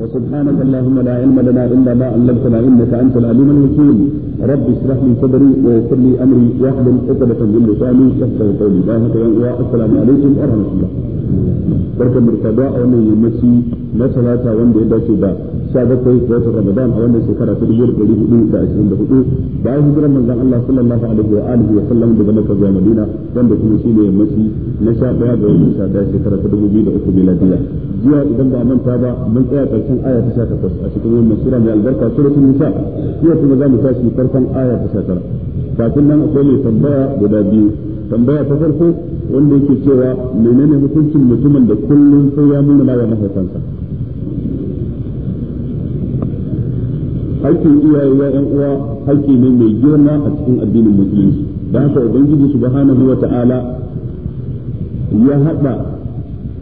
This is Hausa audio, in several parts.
وسبحانك اللهم لا علم لنا إلا ما علمتنا إنك أنت العليم الحكيم rabbi اشرح لي صدري ويسر لي da واحلل عقدة من لساني يفقهوا قولي بارك الله السلام عليكم ورحمة الله da a wannan yammaci na wanda ya dace da 17 a wannan shekara ta 1424 bayan hijiran manzon Allah sallallahu alaihi wa alihi wa sallam yammaci na 11 ga watan ta jiya idan ba manta ba mun tsaya karshen aya ta 18 a cikin wannan sura mai albarka nisa jiya kuma za tashi farko farkon aya ta shakar kafin nan akwai mai tambaya guda biyu tambaya ta farko wanda yake cewa menene hukuncin mutumin da kullum sai ya nuna ma mahaifansa haƙƙin iyaye ya yan uwa hakki ne mai girma a cikin addinin musulunci da haka ubangiji subhanahu wa ta'ala ya hada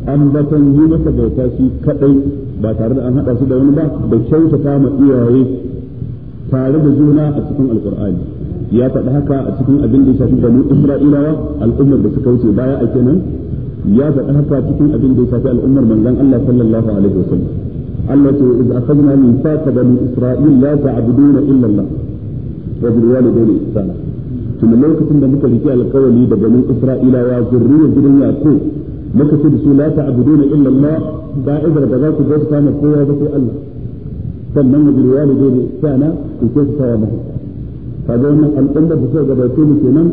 ambaton yi masa bauta shi kaɗai ba tare da an hada su da wani ba da kyautata kama iyaye tare da juna a cikin alkur'ani ya faɗi haka a cikin abin da ya shafi banu isra'ilawa al'ummar da suka wuce baya a kenan ya faɗi haka a cikin abin da ya shafi al'ummar manzon Allah sallallahu alaihi wasallam Allah ce iz akhadna min faqa bani isra'il la ta'buduna illa Allah wa bil walidayni ihsana tun lokacin da muka rike alƙawari da bani isra'ilawa zurriyar gidan yaqub muka ce da su la ta'buduna illa Allah da'idar da za ku bauta ma kowa ba sai Allah كان من الروايات دي كان يكتب ثوابه فدون الأمة بسوء جبرتين كنن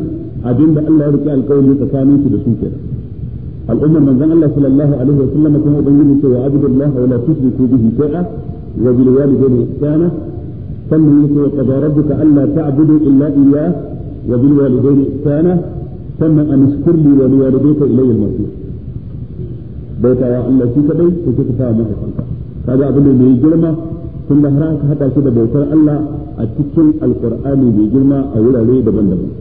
عدين بأن الله يركي القول يتكامل في دسوك الأمة من ذن الله صلى الله عليه وسلم كما أبين لك وعبد الله ولا تشرك به شيئا وبالوالد إحسانا ثم يقول وقضى ربك ألا تعبد إلا إياه وبالوالدين إحسانا ثم أن اشكر لي ولوالديك إلي المصير بيتا يا الله في كبير وكيف تفاهم هذا أبو tun da har aka haɗa shi da bautar Allah a cikin alkur'ani mai girma a wurare daban-daban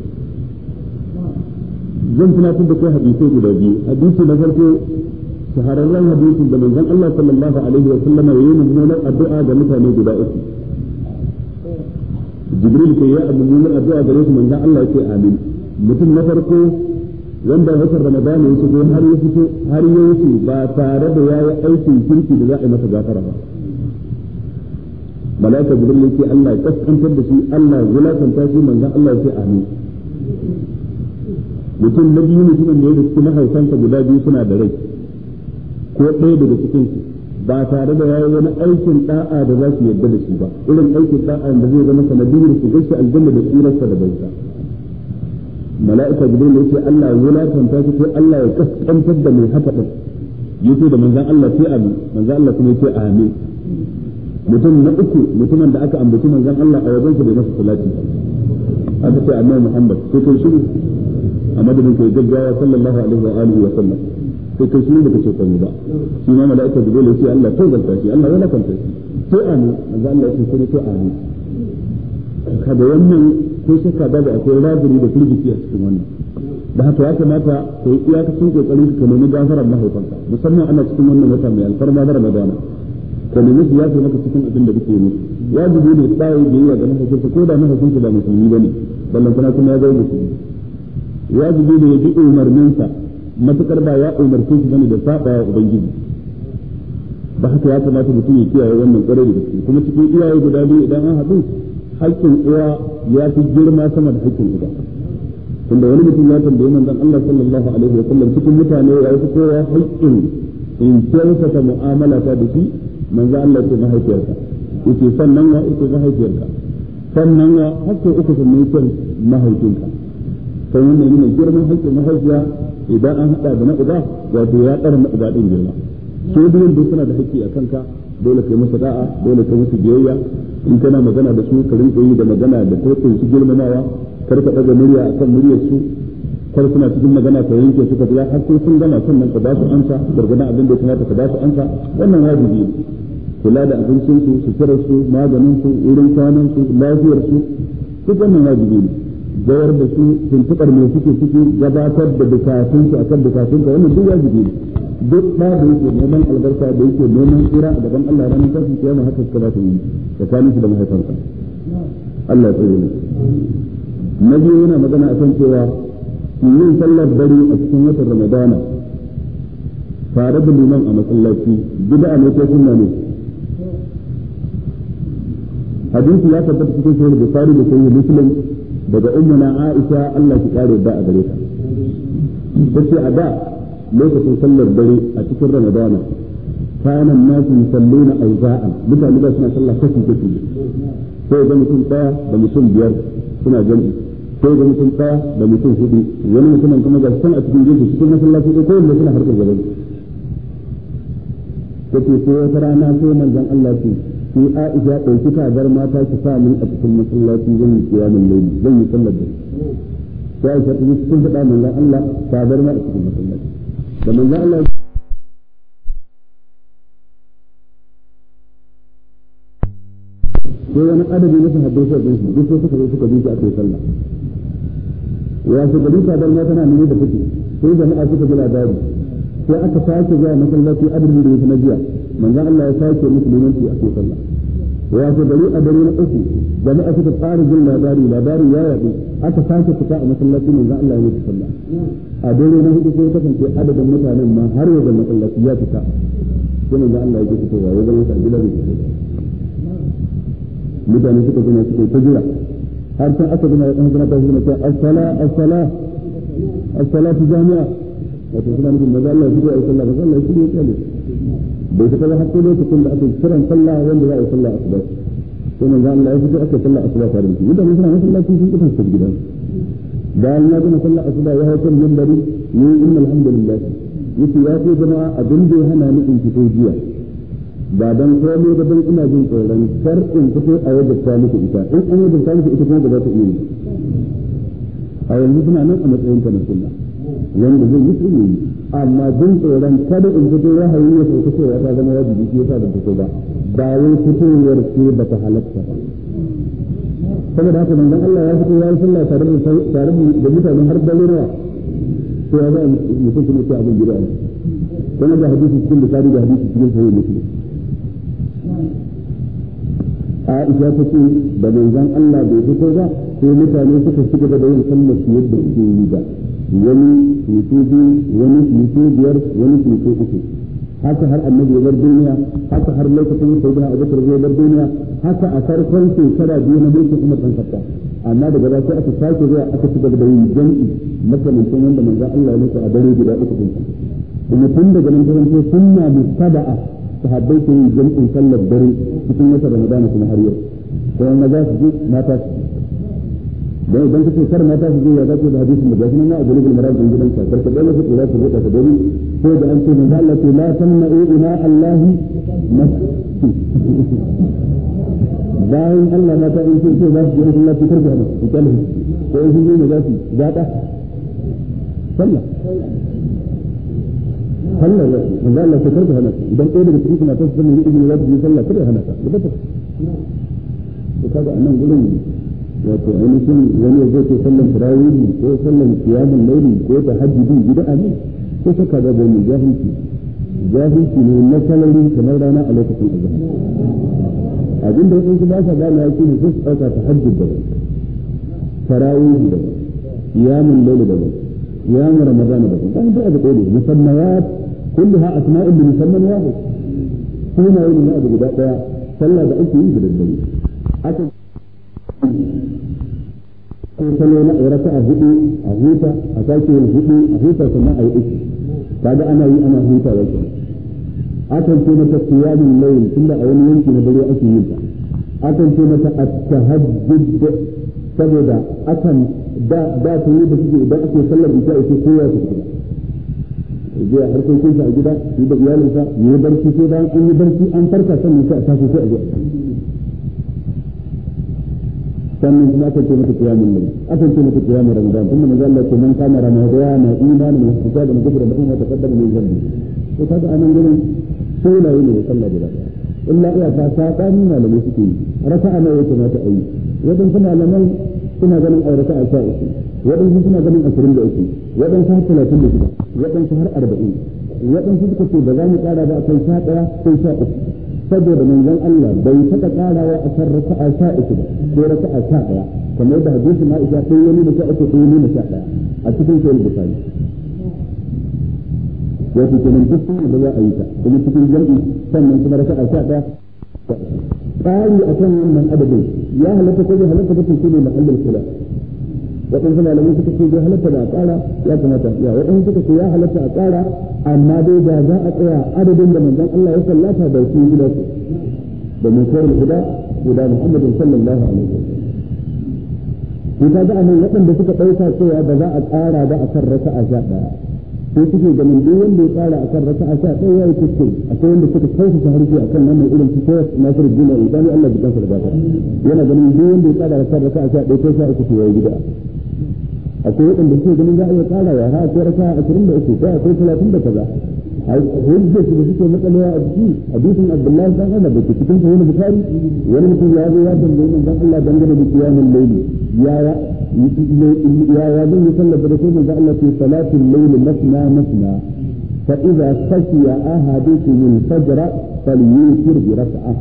zan tunatar da kai hadisai guda biyu hadisi na farko shahararren hadisin da manzon Allah sallallahu alaihi wa sallama ya yi mummunar addu'a ga mutane guda uku jibril ke yi mummunar addu'a gare su manzon Allah ya ce amin mutum na farko wanda watan ramadan ya shigo har ya fito har ya wuce ba tare da yayi aikin kirki da za a yi masa gafara ba malaka jibril yake Allah ya kaskantar da shi Allah ya wulakanta shi manzon Allah ya ce amin mutum na biyu mutumin da ya riski mahaifansa guda biyu suna da rai ko ɗaya daga cikin su ba tare da yayi wani aikin da'a da za su yadda da shi ba irin aikin da'a da zai zama sanadiyar su gaishe aljanna da tsirarsa da baita mala'ika jibril yace Allah ya wulakanta shi ko Allah ya kaskantar da mai haka din yace da manzon Allah sai amin manzon Allah kuma yace amin mutum na uku mutumin da aka ambaci manzon Allah a wajen shi da masa salati aka ce annabi Muhammad sai kai shiru a madadin kai gaggawa sallallahu alaihi wa alihi wa sallam sai kai shiru baka ce komai ba shi ma malaika jibril ya sai Allah to zanta shi Allah ya lakanta shi to amin manzon Allah ya ce sai to amin kaga wannan ko shakka babu akwai rabiri da firgici a cikin wannan da haka ya kamata ka yi iyakacin kokarin ka nemi gafarar mahaifanka musamman ana cikin wannan wata mai alfarma da Ramadana ka nemi su yafe maka cikin abin da kuke yi wajibi ne tsaye da yi ganin mahaifinsa ko da mahaifinsa ba musulmi ne ballon kuna kuma ya zama musulmi wajibi ne ya bi umarninsa matukar ba ya umarce shi bane da saba wa ubangiji ba haka ya kamata mutum ya kiyaye wannan tsare da gaske kuma cikin iyaye guda biyu idan an haɗu haƙƙin uwa ya fi girma sama da haƙƙin uba tunda wani mutum ya tambaye dan Allah sallallahu alaihi wa sallam cikin mutane ya fi kowa haƙƙin in kyautata mu'amala ta da shi manzo Allah ya ce mahaifiyarka yace sannan wa uku mahaifiyarka sannan wa uku sannan ya mahaifinka sai wannan yana girman hakkin mahaifiya idan an hada da na uba wato ya tsara na uba din girma su biyun duk suna da hakki a kanka dole kai musu da'a dole kai musu biyayya in kana magana da su ka rinka yi da magana da kokon su girmamawa kar ka daga murya akan muryar su kar suna cikin magana ka yanke su ka biya har sai sun gama sannan ka ba su amsa gargadan abin da ya kamata ka ba su amsa wannan wajibi ne kula da abincinsu suturarsu maganinsu wurin kwanansu lafiyarsu duk wannan wajibi ne gawar da su tuntuɓar mai suke ciki gabatar da bukatunsu akan bukatunka wannan duk wajibi ne duk ba da yake neman albarka da yake neman tsira a gaban Allah ranar ke kiyama haka suka ba ta yi tsakanin shi da mahaifansa Allah ya tsare mu na biyu yana magana akan cewa yin sallar dare a cikin watan Ramadana tare da liman a masallaci bid'a ne ko sunna ne hadisi ya tabbata cikin sahih bukhari da sahih muslim daga ummuna aisha Allah ki kare da a gare ta tace a da lokacin sallar dare a cikin ramadana كان الناس يصلون أوزاعا mutane ما سنة صلى كفي كفي sai ga mutum ɗaya da mutum biyar suna jami'i sai ga mutum ɗaya da mutum hudu wani mutumin kuma ga san a cikin jeji cikin masallaci ko kowanne suna harkar gaba ne kace ko wata rana sai manzon Allah ce a Aisha ɗauki tagar mata ki sa min a cikin masallaci zan yi min laili zan yi sallar da shi Aisha ta yi sun faɗa manzon Allah tagar ma a cikin masallaci da manzon Allah ko wani adadi na sahabbai sai shi duk sai suka zo suka bi shi a kai sallah ya su gari tagar ma tana nuna da kuke sai jama'a suka ji labari sai aka sake zuwa masallaci adadin da yake na jiya manzon Allah ya sake musulunci a sallah ya ce gari a dare na uku jama'a suka fara jin labari labari ya yaɗu aka sake fita a masallaci manzon Allah ya yi sallah a dare na hudu sai kasance adadin mutanen ma har yau da ya fita sai manzon Allah ya ke fitowa ya gidan mutane suka zama suka ta jira har sai aka zama ya zama ta zama ta as-sala as-sala jami'a wato suna nufin maza Allah ya fito a sallah maza Allah ya fito bai fita ba hakko lokacin da ake kiran sallah wanda za a yi sallah asuba sai manzo Allah ya fito ake sallah asuba tare da shi idan suna masallaci sun kitan su gidan da Allah ya sallah asuba ya hawo kan bari ni inna alhamdulillah yace ya ce jama'a abin da ya hana ni in fito jiya ba dan komai ba dan ina jin tsoron kar in fito a wajen ta muku ita in an wajen ta muku ita kuma ba za ta iya a yanzu suna nan a matsayin ta na sunna wanda zai yi tsiri amma jin tsoron kada in fito wahayi ya fito cewa ya zama wajibi shi yasa ban fito ba ba wai fitowar ce ba ta halatta ba saboda haka manzon Allah ya fito ya yi tare da tare da mutane har balura to ya zai mutum kuma ce abin gida ne kuma da hadisi cikin bukari da hadisi cikin sahih muslim Aisha ta ce da manzon Allah bai fito ba sai mutane suka shiga da yin sallar su yadda suke yi ba wani ceto biyu wani ceto biyar wani ceto uku haka har annabi ya bar duniya haka har lokacin sai da Abu Bakar ya bar duniya haka a farkon shekara biyu na mulkin Umar bin Khattab amma daga baya sai aka sake zuwa aka ci gaba da yin jami'i makamantan wanda manzon Allah ya nufa a dare guda uku din kuma tun daga nan ta zanto sunna mustaba'a sahabbai ke yin jami'in sallar dare cikin wata Ramadan kuma har yau sai maza su ji mata su دائما بنت سر ما تعرف دي يادات في الحديث المجازي منها أقول لك المرأة جنبي بنت سر بس دائما في الولاد في الوقت الدولي هو ده أنت من ذا التي لا تمنع إناء الله دائما الله ما تعرف في الوقت الدولي جنبي الله في كربها في كربها في كربها في كربها في كربها صلى صلى من ذا التي كربها نفسي إذا قيل لك تريد ما تصدر من إذن الولاد جنبي صلى كربها نفسي بس وكذا أنا أقول لك wato ainihin wani ya zai sallan tarawihi ko sallan kiyamun laili ko ta hajji hajjidi bid'a ne ko saka da bai jahilci jahilci ne na salari kamar rana a lokacin azhar abin da wasu ba sa gane ya ce ne su ɗauka ta hajjid da tarawihi da kiyamun laili da kiyamun ramadan da ba ba da abu ɗaya musannawat kulluha asma'un bi musamman ya wahid sunaye ne na abu guda ɗaya sallah da ake yi da daddare akan ko sanar na a raka a hudu a huta a sake yin hudu a huta kuma a yi uku kaga ana yi ana huta wajen ke akan ce mata qiyamul layin tunda a wani yanki na dare ake yin ta akan ce mata at-tahajjud saboda akan da da ta yi da suke idan ake sallar isha ake koya su fita je a harkokin sa a gida yi da iyalinsa yi barci sai bayan an yi barci an farka sannan sai a tafi sai a je sannan kuma aka ce mata kiyamun ne aka ce mata kiyamun ramadan kuma manzo Allah ce man kama ramadan na imani ne kuma da mutum da mutum ta kaddara ne zambi to kaga anan gurin sunaye ne sallah guda illa iya fa sabani malamai suke yi a nawa yake mata ayi wadan kuma malamai suna ganin aurata a sha uku waɗansu suna ganin 23 wadan sa 36 wadan har 40 wadan suka ce ba za mu kara ba kai sha daya kai sha uku saboda manzon Allah bai saka karawa a kan raka'a sha uku ba ko raka'a sha daya kamar da hadisin Aisha ɗaya ya nuna sha uku ɗaya nuna sha daya a cikin sahih Bukhari wato kenan duk sunan da za a yi ta kuma cikin jami'i sannan kuma raka'a sha ɗaya tsari akan wannan adadin ya halatta ko bai halatta ba sai shine mahallin kula waɗansu malamai suka ce bai halatta da a tsara ya kamata ya waɗansu suka ce ya halatta a tsara amma dai da za a tsaya adadin da manzan Allah ya sallata da su guda su da mun kawar guda guda Muhammadin sallallahu alaihi wasallam ko ta ga anan waɗanda suka ɗauka cewa ba za a tsara ba a kan a sha ɗaya sai suke ganin duk wanda ya tsara akan rasa a sha sai ya yi kuskure akwai wanda suka kausa su harshe akan mai irin su sai nasiru juna idan Allah ya da baka yana ganin duk wanda ya tsara akan rasa a sha ɗaya ko sha uku to ya gida akwai waɗanda suke ganin za a iya tsara ya har akwai rasa ashirin da uku ko akwai talatin da kaza hujjar su da suke matsalewa a jiki hadisin abdullahi dan ana da cikin sahih bukhari wani mutum ya zo ya tambaye min dan Allah dangane da qiyamul layli ya ya ya zan yi sallar da sai manzo Allah ce salatul layli masna masna fa idza khashiya ahadukum al-fajr falyutir bi rak'ah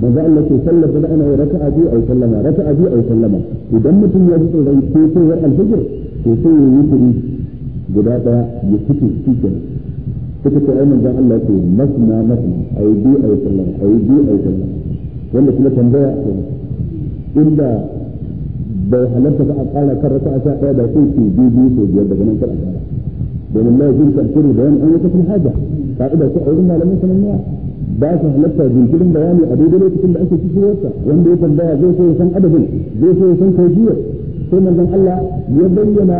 manzo Allah ce sallar da ana raka'a biyu ay sallama raka'a biyu ay sallama idan mutum ya ji tsoron sai sai al-fajr to sai ya yi guda daya ya fito cikin suka ce ai manzon Allah ce masna masna yi bi a yi biyu a yi sallam wanda kuma tambaya a ce inda bai halarta ba a kara kan raka'a sha daya da sai ce biyu bi ko biyar daga nan kar a kara domin la yuzil ta'khiru bayan an yata fil haja ka'ida ko wurin malamin sananniya ba su halatta jinkirin bayani a daidai lokacin da ake cikin wata wanda ya tambaya zai so ya san adadin zai so ya san kajiyar sai manzon Allah ya bayyana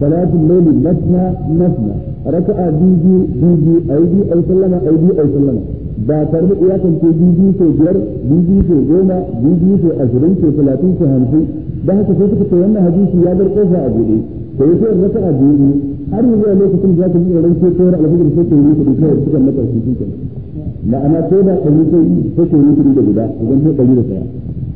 صلاة الليل مثنى مثنى ركع بيجي بيجي أيدي أو سلمة أيدي أو سلمة ba tare da iyakan ce bibi ko biyar bibi ko goma bibi ko ashirin ko talatin ko hamsin da haka sai suka ce wannan hadisi ya bar kofa a buɗe da ya sayar raka a har yanzu a lokacin da za ka ji tsoron ko tsoron sai ka yi kuɗi kawai suka maka shi shi ma'ana ko da ɗari sai sai ka yi kuɗi da guda idan sai ɗari da ɗaya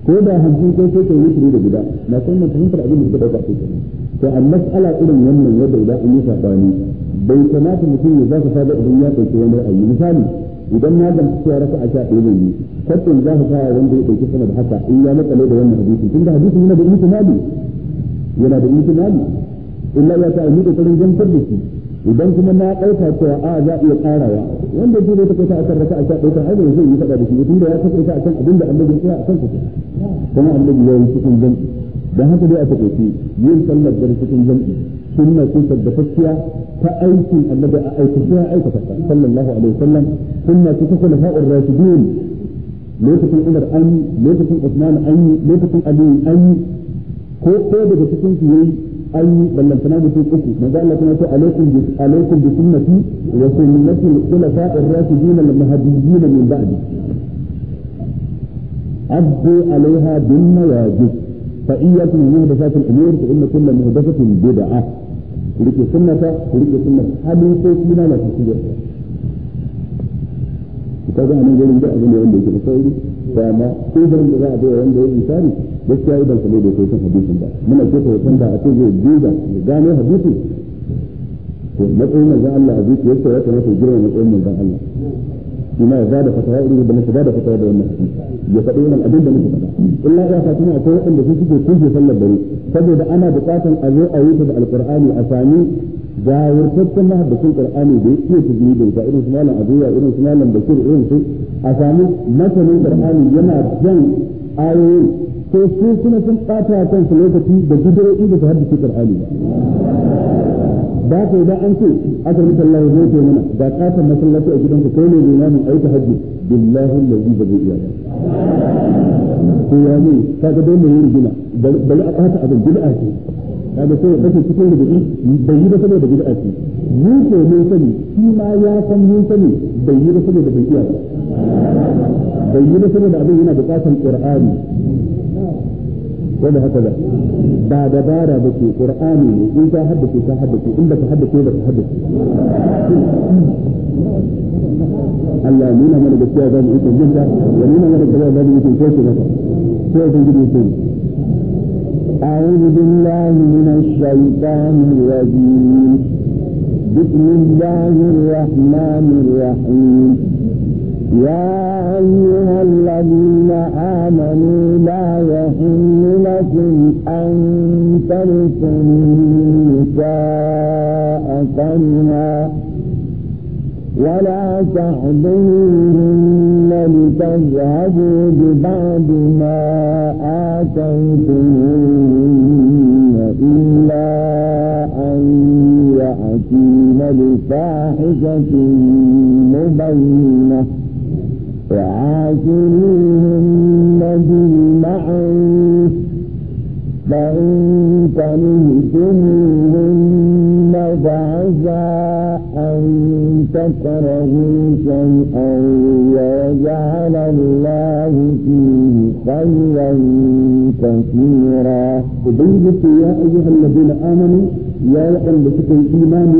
ko da hamsin sai sai yi guda na san fahimtar abin da suka ɗauka sai kenan to a mas'ala irin wannan ya dauda in yi sabani bai kamata mutum ya zaka a idan ya ɗauki wani ayi misali idan na gamsu cewa raka a sha ɗaya zai yi za ka fara wanda ya ɗauki sama da haka in ya makale da wannan hadisi tun da hadisi yana da ihtimali yana da ihtimali illa ya ta ayyuka karin jantar da shi idan kuma na ɗauka cewa a za a iya ƙarawa wanda zai ta kaita akan raka a sha ɗaya ai zai yi faɗa da shi tun da ya ta a akan abin da annabi ya a kan kuma annabi ya yi cikin jantar dan haka dai a takaice yin sallar dare cikin jam'i sunna ce tabbatacciya ta aikin annabi a aikata ya aikata sallallahu alaihi wasallam sunna ce ta khulafa'ur rashidin lokacin Umar an lokacin Usman an lokacin Ali an ko ko daga cikin su yayi an ballantana mutum uku manzo Allah kuma ce alaikum bi alaikum bi sunnati wa sunnati al-khulafa'ir rashidin al-mahdiyyin min ba'di abdu alaiha bin nawajib فإياكم محدثات الأمور فإن كل محدثة بدعة rike sunnata rike sunnar halittoci na masu shigar ta ga nan gurin da abin da wanda yake da sauri to amma kuzurin da za a bai wanda ya insani gaskiya idan sa ne da kai hadisin ba muna ce ta hoton da a ce zai duba ya gano hadisin to matsayin manzon Allah a zuciyarsa ya kamata ya girma matsayin manzon Allah shi ma ya bada fatawa irin da muka bada fatawa da wannan ya faɗi wannan abin da muka faɗa illa ya fa kuma akwai waɗanda su suke kunce sallar dare saboda ana buƙatan a zo a yi da alqur'ani a sami gawurtaccen mahaddacin qur'ani da yake tajwidin da irin su malam abuya irin su malam bakir irin su a sami masanin qur'ani yana jan ayoyin ko su suna sun da bidiyoyi da su haddace qur'ani da ka idan an ce aka rubuta Allah ya zai mana da katon masallaci a gidanka kai ne limamin ayi ta hajji billahi allazi ba zai iya ko ya ne kaga dole ne rigina bari a kata abin bid'a ce kaga sai da kake cikin rubuci bai yi ba saboda bid'a ce mu ko mun sani shi ma ya san mun sani bai yi ba saboda bai iya ba bai yi ba saboda abin yana bukatan qur'ani ولا هكذا بعد بارا بكي قرآني إذا حدثي تحدثي إن لك حدثي إذا تحدثي الله مين أمر بكي أذان إيتم جدا ومين أمر بكي أذان إيتم كيف نفع كيف نجد إيتم أعوذ بالله من الشيطان الرجيم بسم الله الرحمن الرحيم يا أيها الذين آمنوا لا يحل لكم أن ترثوا النساء كرها ولا تعبدوهن لتذهبوا ببعض ما آتيتموهن إلا أن يأتين بفاحشة مبينة وعاشروهن بالمعروف فإن كرهتموهن فعسى أن تكرهوا شيئا ويجعل الله فيه خيرا كثيرا. وبيت يا أيها الذين آمنوا يا وأن بكم إيمان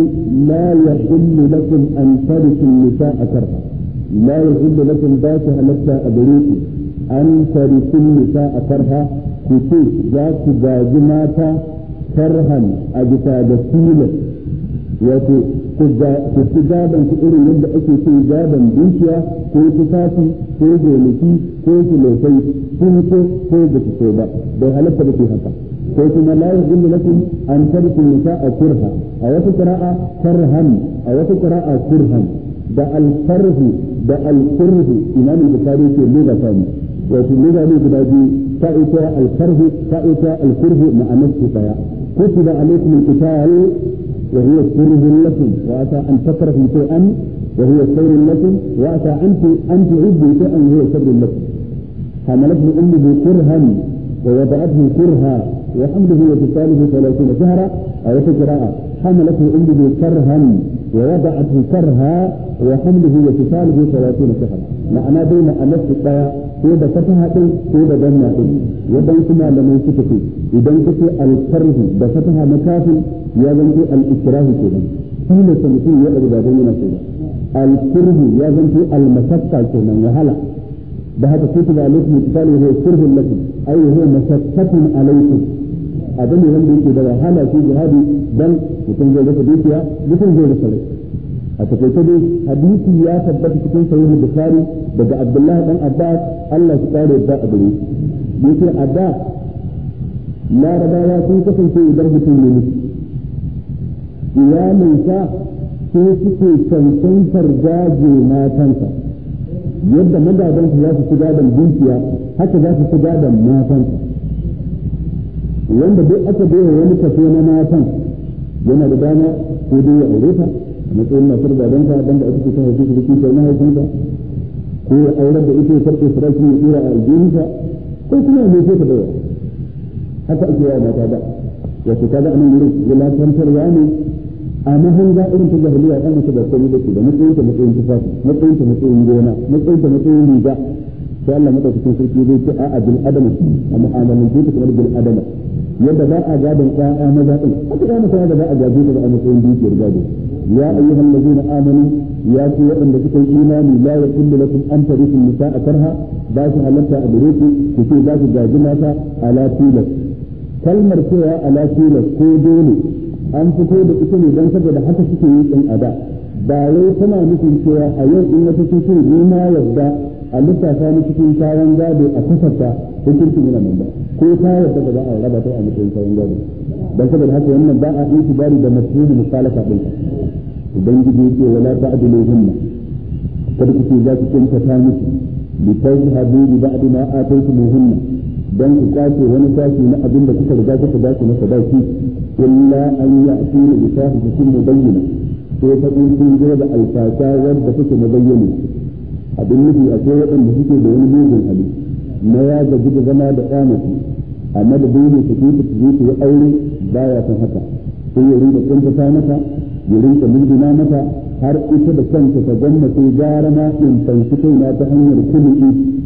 لا يحل لكم أن ترثوا النساء كرها. la yahillu lakum ba ta halatta a gare ku an tarikun nisa a farha ku ce za ku gaji mata farhan a bisa da tilas wato ku gaban ku irin yadda ake ce gaban dukiya ko tufafi ko gonaki ko filofai sun ko su so ba bai halatta ba ke haka ko a kurha a wata qira'a farhan a wata qira'a kurhan da alfarhu da alfarhu imam bukhari ke lura tani wa wato lura ne guda biyu ta ita alfarhu ta ita alfarhu ma anasu daya kutiba alaykum al wa huwa furhun lakum wa ata an takrahu shay'an wa huwa khairun lakum wa ata an an tu'ibbu shay'an wa huwa sharrun lakum ummi حملته أمه كرها ووضعته kurha وحمله وفصاله ثلاثين شهرا أو في قراءة حملته أمه كرها ووضعته كرها وحمله وفصاله ثلاثين شهرا معنى بين أمس الطاعة ko da fataha din ko da danna din wadan kuma malamai suka ce idan kace al-karhu da fataha na kafin ya zanto al-ikrahu kenan shi ne ta mutum ya ɗaga da yana kenan al-karhu ya zanto al-masakka kenan wahala da haka kutuba alaikum misali huwa karhun lakum ay masakkatun alaikum abu da wanda yake da wahala shi jihadi dan mutum zai rasa dukiya mutum zai rasa rai a takaice dai hadisi ya tabbata cikin sahihu bukhari daga abdullahi dan abbas Allah ya kare da a da yake adda larabawa sun kasance idan mutum ne iyalinsa sai suke cancantar gaje matansa yadda magadansu za su shiga da dukiya haka za su shiga da matansa wanda duk aka bayar wani kaso na matan yana da dama ko dai ya aure ta a matsayin matar babanta dan da ake ta haifi da kike na haifinta ko ya aure da ita ya karɓe sarki ya tsira a aljihunta ko kuma ya mace ta bayar haka ake yawa mata ba wato kaga anan lafantar ya ne a mahanga irin ta jahiliya ɗan mace da komai da ke da matsayin ta matsayin tufafi matsayin ta matsayin gona matsayin ta matsayin riga sai Allah madaukakin sarki zai ce a'a bil adama a mu'amalan ta kamar bil adama yadda ba a gadon ƴaƴa maza din haka da mutane da ba a gaji da a matsayin dukiyar gado ya ayyuhal na amanu ya ce waɗanda suka yi imani la lafin lakum an tarisu a karha ba su halatta a gare ku ku ce za su gaji mata ala kalmar cewa ala ko dole an fito da ita ne don saboda haka suke yi din ada ba wai tana nufin cewa a yau in wata cikin ni ma yadda a lissafa ni cikin kayan gado a kasarta hukuncin yana nan ba ko ta daga da za a raba ta a matsayin sauran gado dan saboda haka wannan ba a yi tibari da mafhumin mukhalafa din ubangiji yake wala ta'dilu hunna kada ku ce za ku kinta ta musu bi tawhabu bi ba'd ma ataytumuhunna dan ku kwace wani sashi na abin da kuka riga kuka ba masa na sadaki illa an ya'ti bi sahibikum mubayyana ko ta kun sun zo da alfasa wanda kuke bayyana. abin nufi akwai waɗanda suke da wani mugun hali na ya gaji da zama da ƙamaci amma da bai ne tafi ta tafi ta aure ba ya san haka sai ya rinka kuntata mata ya rinka munduna mata har ita da kanta ta gwamna sai gara ma in fanci kaina ta hanyar kulu'i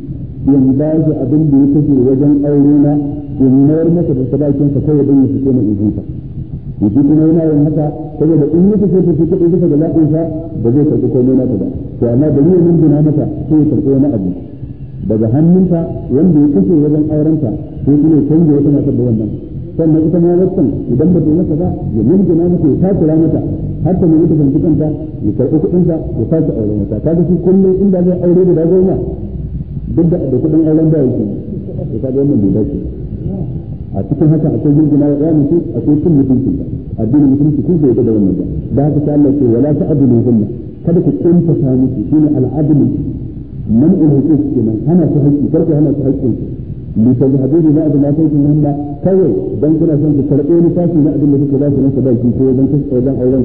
in ba shi abin da ya kashe wajen aure na in mayar masa da sadakin sa kawai don ya fito na izinta yaji kuma yana yin haka saboda in ya kashe ta fito da zaɓin ba zai karɓi komai nata ba to amma bari ya munduna mata sai ya karɓi wani abu daga hannunta wanda ya kashe wajen aurenta sai kuma ya canza wata matar da wannan sannan ita ma wancan idan ba ta masa ba ya na mace ya takura mata har ta nemi ta kanta ya karɓi kuɗinta ya tashi aure mata ga shi kullum inda zai aure da ma duk da da kuɗin auren ba yake ya ga wannan bai dace a cikin haka akwai mulkina wa ɗaya mutum akwai cin mutunci addinin mutunci kun bai da wannan ba da haka sai Allah ce wala ta'dulu hunna kada ku kunta musu shine al'adlu man ulhuqu kenan hana su haƙƙi karka hana su haƙƙin li tajhadu bi ba'd ma kuntum hunna kawai dan kuna son ku karɓo ni tashi na abin da kuke ba su na sadaki ko dan kasance dan auren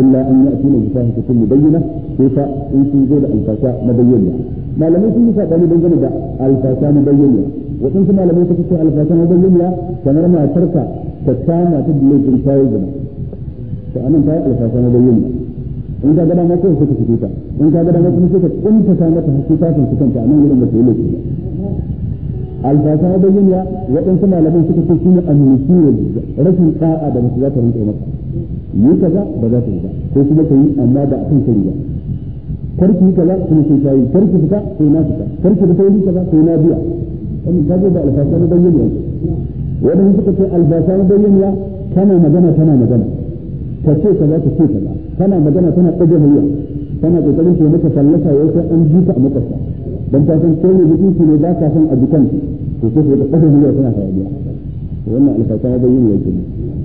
illa an ya'tina bi fahihatin mubayyana sai fa in sun zo da alfasa na bayyana malamai sun yi sabani dangane da alfasa na bayyana waɗansu malamai suka ce alfasa na bayyana kamar matarka ta kama ta to anan ta yi alfasa bayyana in ka gada mata sai ka fito ta in ka gada mata sai ka kunta ta mata hakki ta kan ta a nan wurin da sai lokaci alfasa da yinya waɗansu malaman suka ce shine annisiyar rashin da'a da mutum za ta rinka maka yi kaza ba za ta yi ba ko kuma ka yi amma ba akan sani ba karki yi kaza kuma sai ta yi karki fita sai na fita karki fita yi kaza sai na biya wannan ka da alfasa da yinya waɗansu suka ce alfasa da yinya kana magana kana magana ka ce kaza ka ce kaza tana magana tana ɗaga hayya tana kokarin ta maka sallata ya sai an ji ta a makwabta don ta san ko ne mutunci ne ba ka san a jikan to sai ta ɗaga hayya tana hayaniya wannan alfata ya bayyana yake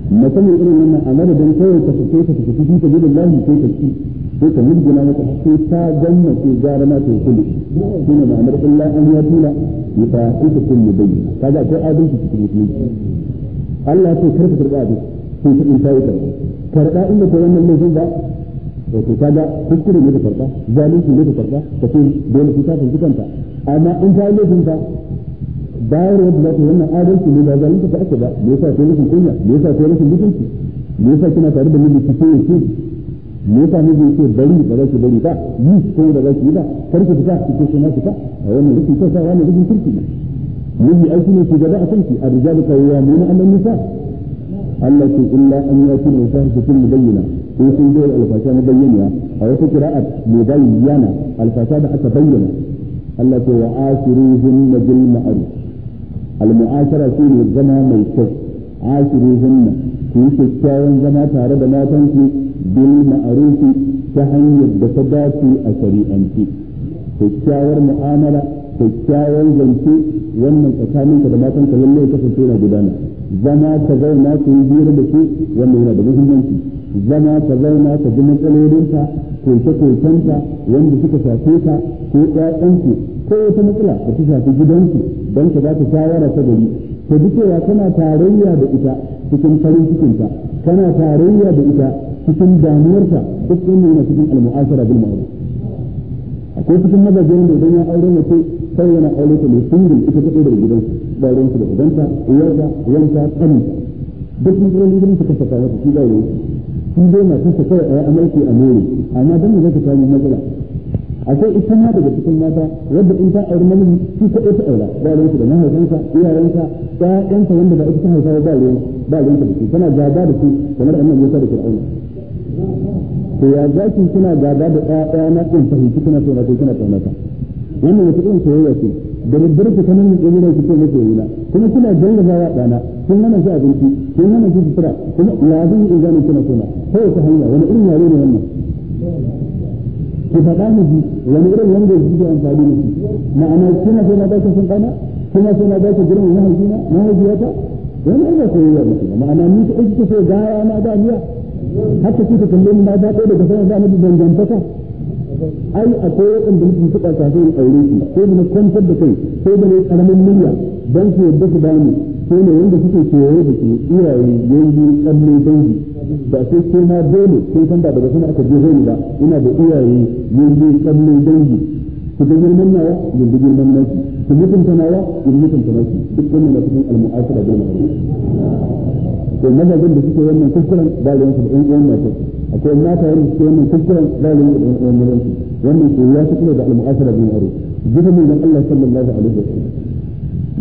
musamman irin wannan a madadin kawai ka fice ka fice fi ta gudun lahi sai ka ci sai ka murgina maka sai ta ganna ce gara ma ta kullu shi ne ma'amar illa an ya tula ya ta ita kullu bayyana kaga akwai adalci cikin mutunci Allah ya ce karka karɓa abin sai ta in ta yi karɓa karɓa in ba ta wannan laifin ba wato kaga kuskure ne ka karɓa zalunci ne ka karɓa ka ce dole ku ta tuntu kanta amma in ta yi laifin ka bayarwa da za ta wannan adalci ne ba zalunci ka ake ba me yasa ko rashin kunya me yasa ko rashin mutunci me yasa kina tare da miji ki sai ki me yasa miji ce bari ba za ki bari ba yi ko da za ki yi ba kar ki fita ki ce kuma fita a wannan rikin kyauta wannan rikin kirki ne miji aiki ne ki gaba a kanki a rijalu kawai ya nuna annan nisa Allah illa an yati min fahishatin mubayyana ko sun zo da alfasha mubayyana a wata qira'at mubayyana alfasha da aka bayyana Allah ce wa ashiruhunna bil ma'ruf al-mu'ashara shine zama mai kyau ashiruhunna ku yi kyakkyawan zama tare da matanku bil ma'ruf ta hanyar da ta dace a shari'anci kyakkyawar mu'amala kyakkyawar zance wannan tsakaninka da matanka lallai kasance na gudana zama ka zauna ka yi biyar da shi wanda yana da muhimmanci zama ka zauna ka ji matsalolinka koke-kokenta wanda suka shafe ka ko ƴaƴanku ko wata matsala da ta shafi gidansu don ka za ta shawara ta gari ka ji cewa kana tarayya da ita cikin farin cikinta kana tarayya da ita cikin damuwarta duk yana cikin al-mu'ashara bil ma'ruf akwai cikin mazaje wanda idan ya aure mace sai yana aure ta mai singil ita ta ɗaya daga gidansu ba ruwan su da ubanta uwarta uwanta ƙaninta duk sun tsoron gidan su kasa kawo su ba yau su dai masu su kawai a yi amarki a more amma don mu zai ta samu matsala akwai ita ma daga cikin mata wadda in ta aure mani shi ta ɗaya ta aura ba ruwan su da mahaifansa iyayensa ƴaƴansa wanda ba ita ta haifa ba ruwan ba ruwan ta da su tana gaba da su kamar annabi Musa da Fir'auna to ya zaki kina gaba da ɗaya na ɗin fahimci kuna so na ko kuna tsaunata wannan wata ɗin soyayya ce da babbar ku sanar da ɗin ku ce na kuma kuna dangana wa ɗana kun hana shi abinci kun hana shi sutura kuma ya zan yi zani kuna ko na kawai ta hanya wani irin yare ne wannan ki faɗa mu ji wani irin wanda yake amfani da shi ma'ana kuna so na ba ki sun ɗana kina sai na ba ki gurin mahaifina mahaifiyata wani irin soyayya ne ma'ana ni ta ake so gaya na da miya haka suka kalle ni na daɗe daga sanar da annabi dangantaka ai akwai da mutum suka kafa in aure shi sai mun kwantar da kai sai mun karamin yi dan don su yadda su bani sai ne wanda suke kewaye da su iyaye yanzu kallon dangi da sai sai ma dole sai san da daga sanar aka je zai ba ina da iyaye yanzu kallon dangi su ga girman nawa in ga girman naki su mutunta nawa in mutunta naki duk wannan na cikin al-mu'asira bil ma'ruf to mazajin da suke wannan kuskuren ba da yanka da ɗan uwan masu akwai mata yadda suke wannan kuskuren ba da yanka da ɗan uwan mazansu wannan ko ya fi kula da al-mu'asira bil ma'ruf gidan da Allah sallallahu alaihi wa sallam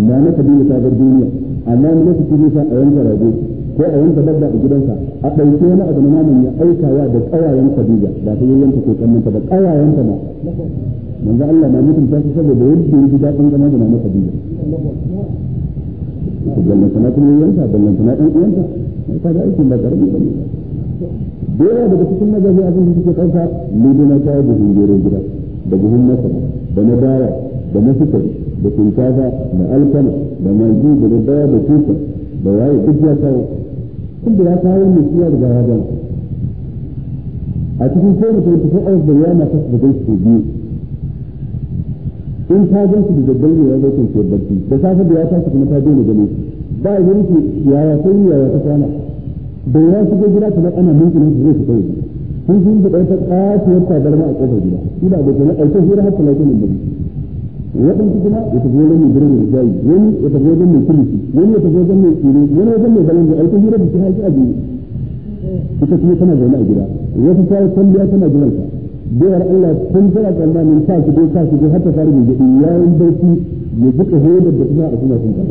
na na kabila ta bar duniya amma wani lokaci zai sa a yanka rago ko a yanka dabba a gidansa a ɗauki wani abu na namun ya aikawa da ƙawayen kabila ba ta yayyanta ko kannanta ba ƙawayenta ma manzo Allah na mutunta shi saboda yadda yake daɗin zama da na nana Khadija balle sana kuma yanka balle sana dan uwanka ka ga aikin ba karbi ba da yawa daga cikin mazaje abin da suke ɗauka da na kawo da gero gida da buhun masara da na dawa da na sukari da kinkafa da alkama da magi da na dawa da tuka da waye duk ya kawo kun da ya kawo ne shi da riga ya a cikin kowace wata ko'ar da ya na kasa da gaisu biyu in ta gan su da daddare ya zai kwanciyar barci da safe da ya tashi kuma ta daina gane su ba ya rufe yaya sai yaya ta kwana da ya shigo gida kamar ana minkin su zai fita yi sun sun da ɗaya ƙasiyar tabarma a ƙofar gida ina da kuma ɗauke hira har talatin da biyu waɗansu kuma ya tafi wajen mai girin da jayi wani ya tafi wajen mai kulisi wani ya tafi wajen mai tsire wani wajen mai balangu a ita hira da shi haƙi a biyu ita kuma tana zaune a gida wata ta yi kwalliya tana jiransa biyar Allah sun tana tsalla min ta ki dai ta ki dai hatta fara da gidi yayin bauti ya duka hodar da kuma a kuma sun ka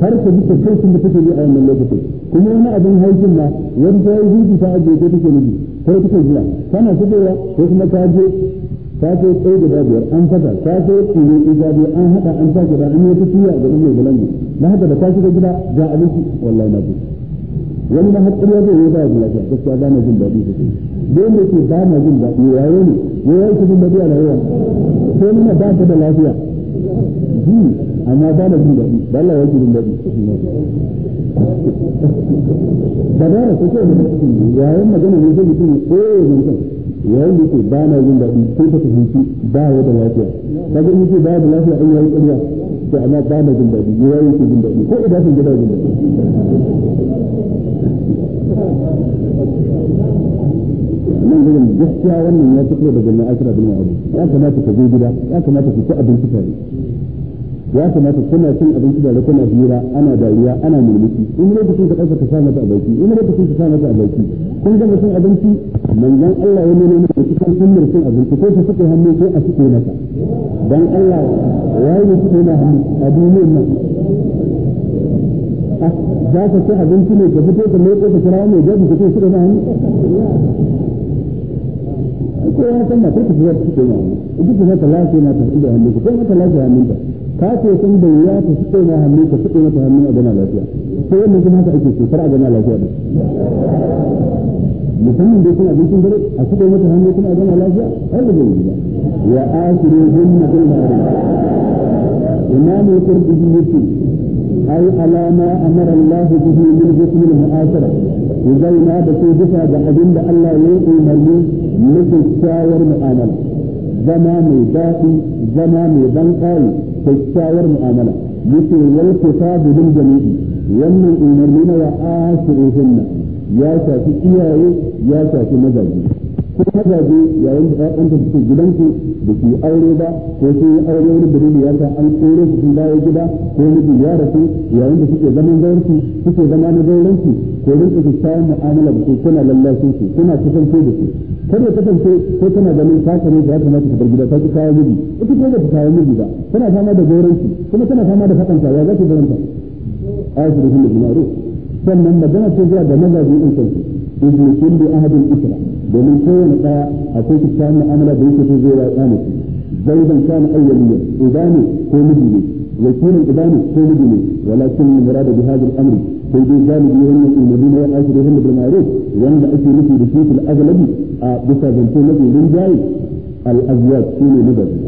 har ka duka kai sun da take yi a wannan lokaci kuma wani abin haikin ma wani ta yi hutu ta ajiye ko take nufi ko take zuwa kana shigowa ko kuma ka je ta ce tsaye guda biyar an fata ta ce tsire guda biyar an haɗa an ta guda an yi ta tuya ga ɗan mai bulangu na haka da ta shiga gida ga abinci wallahi na biyu wani da hakkar ya zai yasa ya lafiya gaskiya ba na jin daɗi su ke da ke ba na jin daɗi yi ne ya yi jin daɗi a rayuwa ko nuna ba ta da lafiya ji amma ba na jin daɗi ba la ya yi jin daɗi da ba da kusa da yayin magana ne zai mutum yi mutum yayin da ke ba na jin daɗi ko ta fahimci ba ya da lafiya ba ga ce ba ya da lafiya ya yayi ƙarya da amma ba na jin daɗi yi ke jin daɗi ko idan sun gida jin daɗi nan gurin gaskiya wannan ya fito daga mai aikira bin ma'aru ya kamata ka je gida ya kamata ku ci abinci tare ya kamata kuna cin abinci tare kuna hira ana dariya ana mulmuki in lokacin ka ɗauka ka sa mata a baki in lokacin ka sa mata a kun gama cin abinci manzon Allah ya nuna muku cikin sunnar cin abinci ko ka suke hannu ko a suke mata dan Allah ya yi suke na hannu a duniyar nan ah. za ka ci abinci ne ka fito ka leƙo ka kira mai gadi ka ce shi da nan ko ya san matar ka zuwa cikin ma duk da ta lafiya na ta da hannu ko mata lafiya hannun ta ka ce san da ya ta cikin ma hannu ka cikin mata hannu a gana lafiya ko wannan kuma haka ake shekara a gana lafiya din musamman da kuma abincin dare a cikin mata hannu kuma a gana lafiya har da zai gida wa akhiru hunna bil imamu qurbi yace أي على ما أمر الله به من حكم المعاشرة إذا ما بكي بسا بأبن الله يوقي مرمي مثل الشاور مؤاملة زما مي دافي زما مي بنقاي الشاور مؤاملة مثل والكتاب للجميع wannan umarni na wa asiruhunna ya shafi iyaye ya shafi mazaji ko mazaje yayin da ƴaƴanta suke gidanku da ke aure ba ko sun yi aure wani dalili ya an kore su sun dawo gida ko miji ya rasu yayin da suke zaman zaurci suke zama na zauranci ko rinka su kawo mu'amala da su kuna lallashin su kuna kusance da su kar ya kasance ko tana ganin ta kare da ya kamata ta bar gida ta ki kawo miji ita ko ba ta kawo miji ba tana fama da zauranci kuma tana fama da faɗanta ya za ki zauranci ayatul rahim bil ma'ruf sannan magana ce zuwa ga mazaje din kansu ibnu kulli ahadin isra domin kowane ɗaya akwai kyakkyawan mu'amala da yake zai wa ɗa mace zaidan kana ayyaliya idanu ko miji ne wakilin idanu ko miji ne walakin murada bi hadal amri sai dai galibi wannan umarni na ya ashiru hunna bil ma'ruf wanda ake nufi da shi fil aglabi a bisa zance mafi rinjaye al azwaj shine mazaji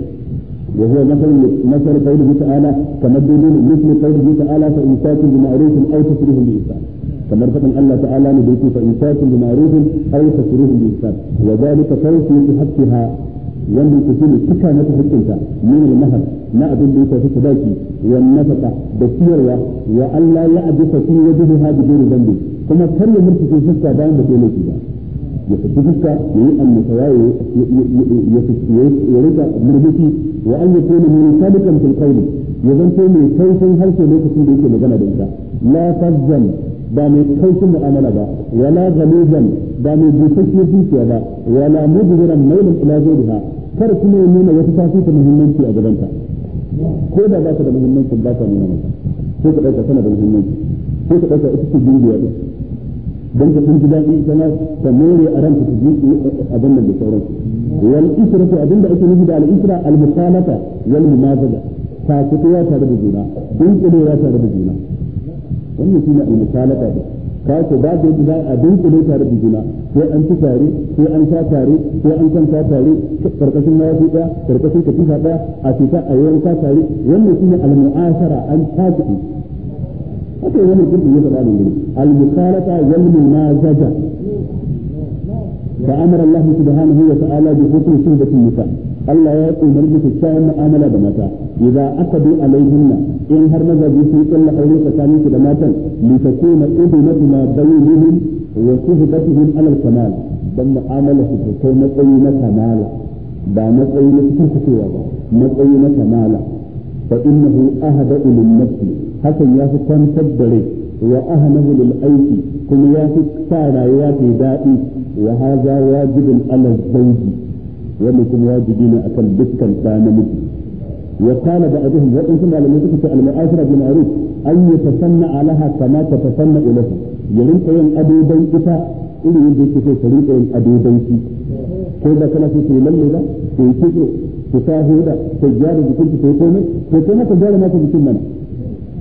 وهو مثل مثل قوله تعالى كمدين مثل قوله تعالى فإمساك بمعروف أو تسريح بإحسان kamar faɗin Allah ta'ala ne da yake fa in shakum bi ma'rufin aw tasrifun bi ihsan wa dhalika tawfiqu haqqiha wanda yake shine cika mata hakkinta min al-mahar na abin da ya shafi sadaki wa nafaka da ciyarwa wa Allah ya abisa fi wajhiha bi ghairi dhanbi kuma kar ya murtuke fuska bayan da kai laifi ba ya fiti fuska ya yi annasawa ya ya rika murmushi wa an yakuna min sadiqan fil qawli ya zanto mai kaifin harshe lokacin da yake magana da ita la fazzan ba mai kaucin mu'amala ba wala galiban ba mai busasshiyar zuciya ba wala mujriran mailin ila zawjiha kar kuma ya nuna wata tafi ta muhimmanci a gabanta ko da ba ta da muhimmanci ba ta nuna mata ko ka ɗauka tana da muhimmanci ko ka ɗauka ita ce jindiya din dan ka san ji daɗi ita ma ta more a ranka ta ji eh, a nan da sauran wal ko abinda ake nufi da al isra al musalata wal mumazaja ta fitowa tare da juna dinkirewa tare da juna wannan shi ne a musalata da ka ce ba da yadda za a dunkule tare da juna sai an ci tare sai an sha tare sai an kwanta tare karkashin mawafi ɗaya karkashin katifa ɗaya a fita a yi wanka tare wannan shi ne al-mu'ashara an tafi haka yana gurbin ya faɗa ne al-musalata wal munazaja فأمر الله سبحانه وتعالى بحسن شعبة النساء الله يقول مرجع الشاعر معاملة بمتى إذا أقدوا عليهن in har maza biyu sun kulla aure tsakanin su da matan li takuna udunatu ma bainihim wa suhbatuhum ala kamal dan mu'amala su ta kai matsayi na kamala ba matsayi na cikin kucewa ba matsayi na kamala fa innahu ahada lin nafsi hakan ya fi kwantar da rai wa ahanahu lil aiki kuma ya fi sa rayuwa ta daɗi wa hadha wajibun ala zawji wannan kuma wajibi ne akan dukkan ɗa namiji وقال بعضهم وقلتم على مدرسة المعاشرة بالمعروف أن يتصنع لها كما تتصنع له يرنك ين أبو بيتك إلي يبيت في طريق ين أبو بيتي كيف كان في سلمان لذا في كتر في ساهودة في جارة بكل في كومة في كومة تجارة ما تبكي منا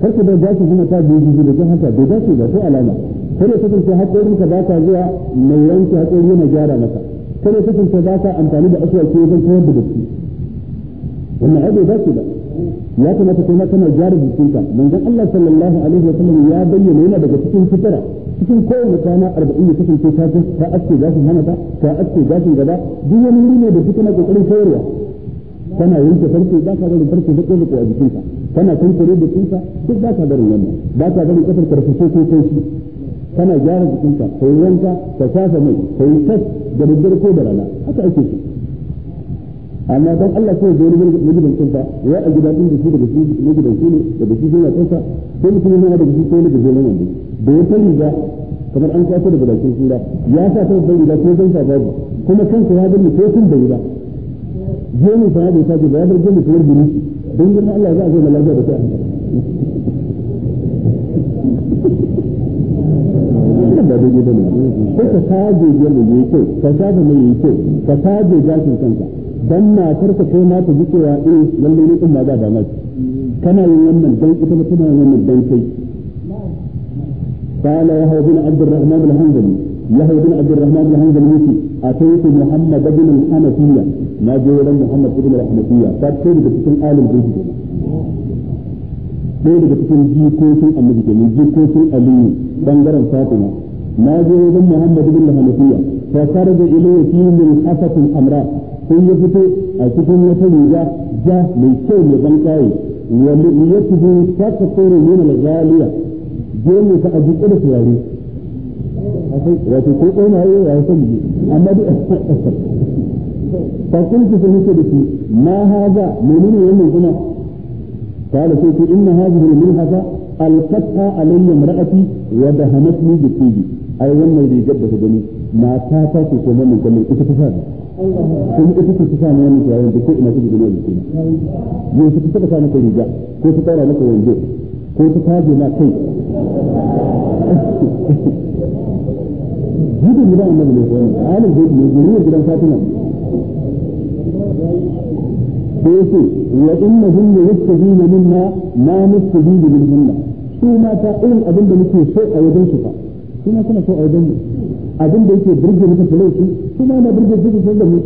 karka da gashi kuma ta biyu biyu da haka da gashi ba ko alama kada ta tunce hakorin ka ba ta zuwa mai yanke hakori yana gyara maka kada ta tunce ba ta amfani da asuwa ke wajen kawar da gaske wannan ai bai dace ba ya kamata kai ma kana gyara jikinka manzon Allah sallallahu alaihi wa sallam ya bayyana yana daga cikin fitara cikin kowane kwana arba'in ya kasance ta ta aske gashin hana ta ta aske gashin gaba duk wani wuri ne da su na kokarin sayarwa kana yanke farce ba ka barin farce da kowace a jikinka kana kankare da kinka duk ba ka barin wannan ba ka barin kafar karfashe ko kai kana gyara jikinka yi wanka ta shafa mai kai tas da daddare ko da rana haka ake so amma don Allah sai da wani magidancin ta ya a gida din da shi daga shi magidanci ne daga shi suna kansa sai mutum yana daga shi sai daga zai nan da ya fari ba kamar an kwaso daga bakin sura ya sa ta da ko zai sa babu kuma kansa ya gani ko tun da ya gemu sa da ta da bar don girman Allah za a zo malaika da ta ka saje da ne ka mai kyau ka kaje gashin kanka dan na karka kai ma ta jike wa eh lalle ne kuma ba da mai kana yin wannan dan ita ne kuma wannan dan kai قال يهود بن عبد الرحمن الهندلي يهود بن عبد الرحمن الهندلي يقول أتيت محمد بن الحنفية ما جيرا محمد بن الحنفية قد كيف تكون آل البيت كيف تكون جي كوسي النبي جميل جي كوسي ألي بنجر الفاطمة ما جيرا محمد بن الحنفية فقرد إليه في من حفة الأمراء sai ya fito a cikin wata riga ja mai kyau mai ban kayi wa liyatihi takasuru na al-ghaliya gemu ta abu da turare wato ko ko na yi ya san ji amma duk فقلت فهمت ما هذا منين يوم هنا قال سيدي إن هذه الملحفة ألقتها علي امرأتي ودهمتني بالتيجي أي أيوة ومن اللي جبت جني ما تاتت ومن كل إتفاق ko ita take ko ina ne ta sa maka riga ko tsara maka ko kai gidan gidan annabi ne alim zai ne gidan fatima yake wa inna hunna minna ma min hunna su irin abin da muke so a wajen su fa su ma so a wajen mu abin da yake burge kuma yana burge shi da sanda mu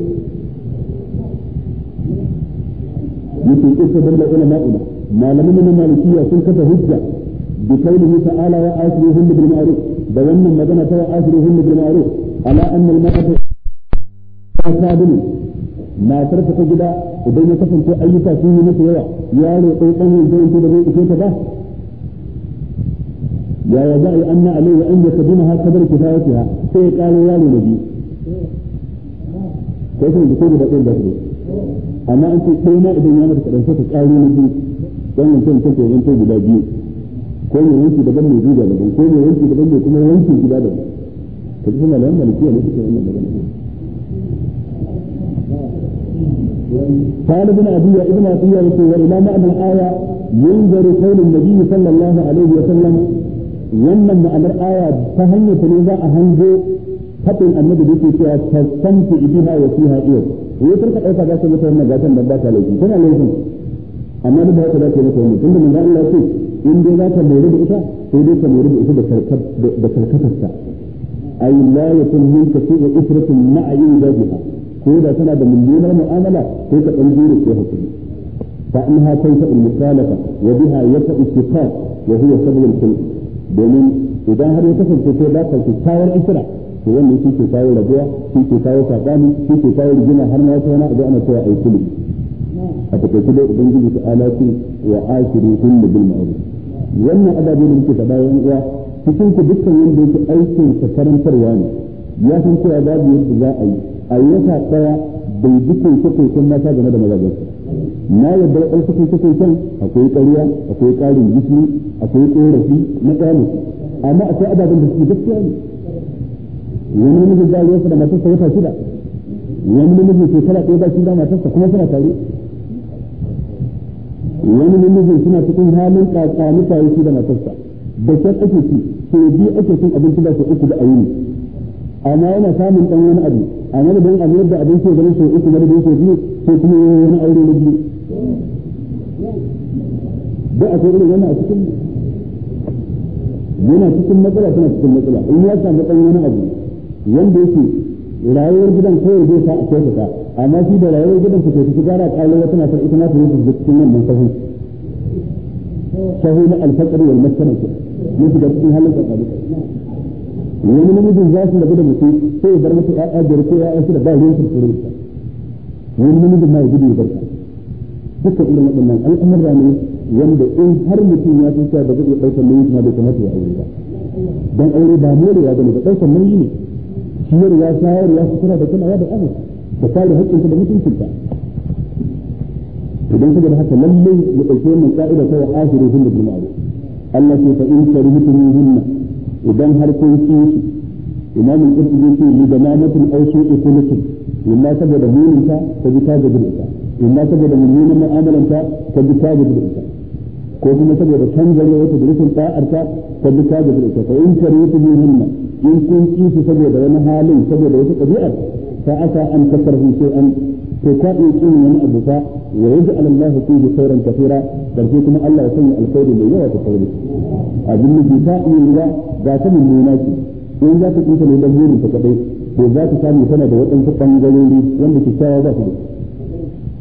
yake kisa dalla ulama ila malamin na malikiya sun kafa hujja bi kaulihi ta'ala wa asrihin bil ma'ruf da wannan magana ta wa asrihin bil ma'ruf ala anna al mar'ata sabun ma tarfa gida idan ya kasance ayyuka sun yi masa yawa yaro ɗan ɗan yanzu da zai ishe ta ba ya ya za'i anna alayhi an yakdumuha qadar kifayatiha sai ya ƙaro yaro na biyu ko kuma da kuma da ɗaya da su amma an ce sai idan ya da kaɗan sai ta ƙari na biyu don wancan kanta ya zanto guda biyu ko mai wanki daban mai biyu ko mai wanki daban mai kuma wanki guda daban ka ji suna lawan ne suke wannan magana قال ابن أبي ابن أبي وإلى معنى الآية ينظر قول النبي صلى الله عليه وسلم wannan ma'anar aya ta hanyar ta ne za a hango haɗin annabi da yake cewa tasanti ibiha wa fiha iyo wai karka dauka za ka mata wannan gatan dan ba ta laifi tana laifin amma duk da haka za ka mata wannan tunda manzo Allah ce in dai za ka more da ita sai dai ka more da ita da karkat karkatarta ay la yakun minka fi'u isratun ma'ayin dabiha ko da tana da mummunar mu'amala sai ka dan jure ko hakuri fa in ha kaifa al-mukhalafa wa biha yaqa'u shiqaq wa huwa sabab al domin idan har ya kasance sai ba ka kyakkyawar isra to wannan shi ke kawo rabuwa shi ke kawo sabani shi ke kawo rigima har ma wani abu ana cewa ai kulli a takaice dai ubangiji ta ala ce wa ashiru kullu bil ma'ruf wannan adabi da muke faɗa yan uwa cikin ku dukkan wanda yake aikin sa karantarwa ne ya san cewa babu yadda za a yi a yi wata daya bai ji kai-kai-kai mata game da mazajensu na yadda ya ɗauka kai-kai-kai akwai ƙarya akwai ƙarin jiki akwai ƙorafi na ƙamus amma akwai ababen da suke gaskiya ne wani namiji da yasa da matarsa wata shida wani namiji shekara ɗaya ba da matarsa kuma suna tare wani namiji suna cikin halin ƙaƙa mutane shi da matarsa da kyan ake ci sai biyu ake cin abinci da sai uku da ayyuni amma yana samun ɗan wani abu amma da don abu yadda abinci ya zama sai uku da don sai biyu sai kuma yana wani aure na biyu da akwai irin wannan a cikin yana cikin matsala tana cikin matsala in ya samu ɗan wani abu wanda yake rayuwar gidan kawai zai sa a kyautata amma shi da rayuwar gidan ta kyautata gara kallo wata na ita na ta yi da cikin wannan sahu sahu na alfaqari wal maskana ke ne shiga cikin halin tsakanin wani namijin za su da gidan mutum sai ya bar musu ƴaƴa da rike ƴaƴa su da ba ruwan surfurin sa wani namijin ma ya gudu ya barka dukkan irin waɗannan al'amurra ne wanda in har mutum ya san cewa ba zai iya ɗaukar nauyi kuma bai kamata ya aure ba dan aure ba ya gani ba ɗaukar nauyi ne من يشاور يشكر بكل أواب الأمر فقال هكذا أنت بنيت يمكن تعالى إذا انتظر حتى للي يقلتون من قائدة هو آخر يهن ابن معاوية التي فإن شرهتم يهن إذا انهركم فيه إمام القرطبي في لبنانة أو سوء خلق إما تجد مين أنت فبكاد بالإنسان إما تجد من مين ما آمن أنت فبكاد بالإنسان كوكو ما تجد كم زلوة بالإنسان فأرتا فبكاد بالإنسان فإن شرهتم يهن in kun ci su saboda wani halin saboda wata ɗabi'ar fa asa an takarhu sai an to ka in kin wani abu fa wa yaj'al Allahu fihi khairan kathira barke kuma Allah ya sanya alkhairi mai yawa ta kauri abin da ta in ga ga ta mun nuna ki in za ka kinta ne da burin ta kadai to za ta samu tana da waɗansu bangarori wanda ke kyawa ba su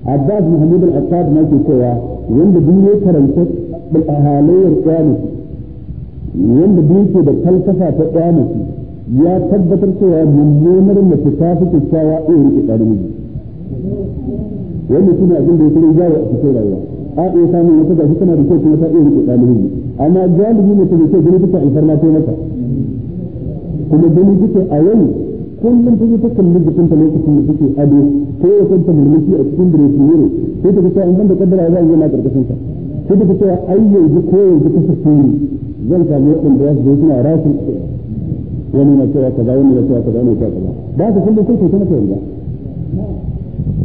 Abbas Muhammad al-Attab na ke cewa wanda duk ne karanta halayyar kyamu wanda da yake da kalkasa ta ƙyamaci ya tabbatar cewa mummunar mace ta fi kyakkyawa in rike tsarin miji wanda suna abin da ya kuma jawo a cikin rayuwa a iya samun wata gashi tana da kyau kuma ta iya rike tsarin miji amma galibi ne ta kyau gani duka alfarma ta mata kuma gani duka a yau kullum ta yi ta kalli jikin ta lokacin da take ado ko ya san ta murmushi a cikin da birnin yiro sai ta ga cewa in ban da kaddara za a karkashin ta sai ta ga cewa ai yanzu ko yanzu ta sassuri zan samu waɗanda ya su suna rashin wani na cewa kaza wani na cewa wani na cewa ba su na ta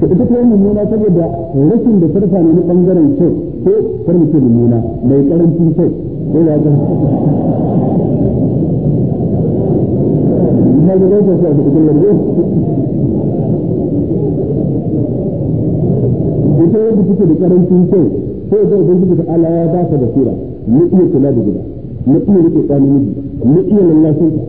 ita ta yi nuna saboda rashin da sarfa na bangaren kyau ko karmi ce nuna mai ƙarancin kyau ko ya ga na ta sa da kullum ita yadda take da kyau zai zai zai ta ya ba ni iya kula da gida na iya rike tsani miji na iya lallashin ta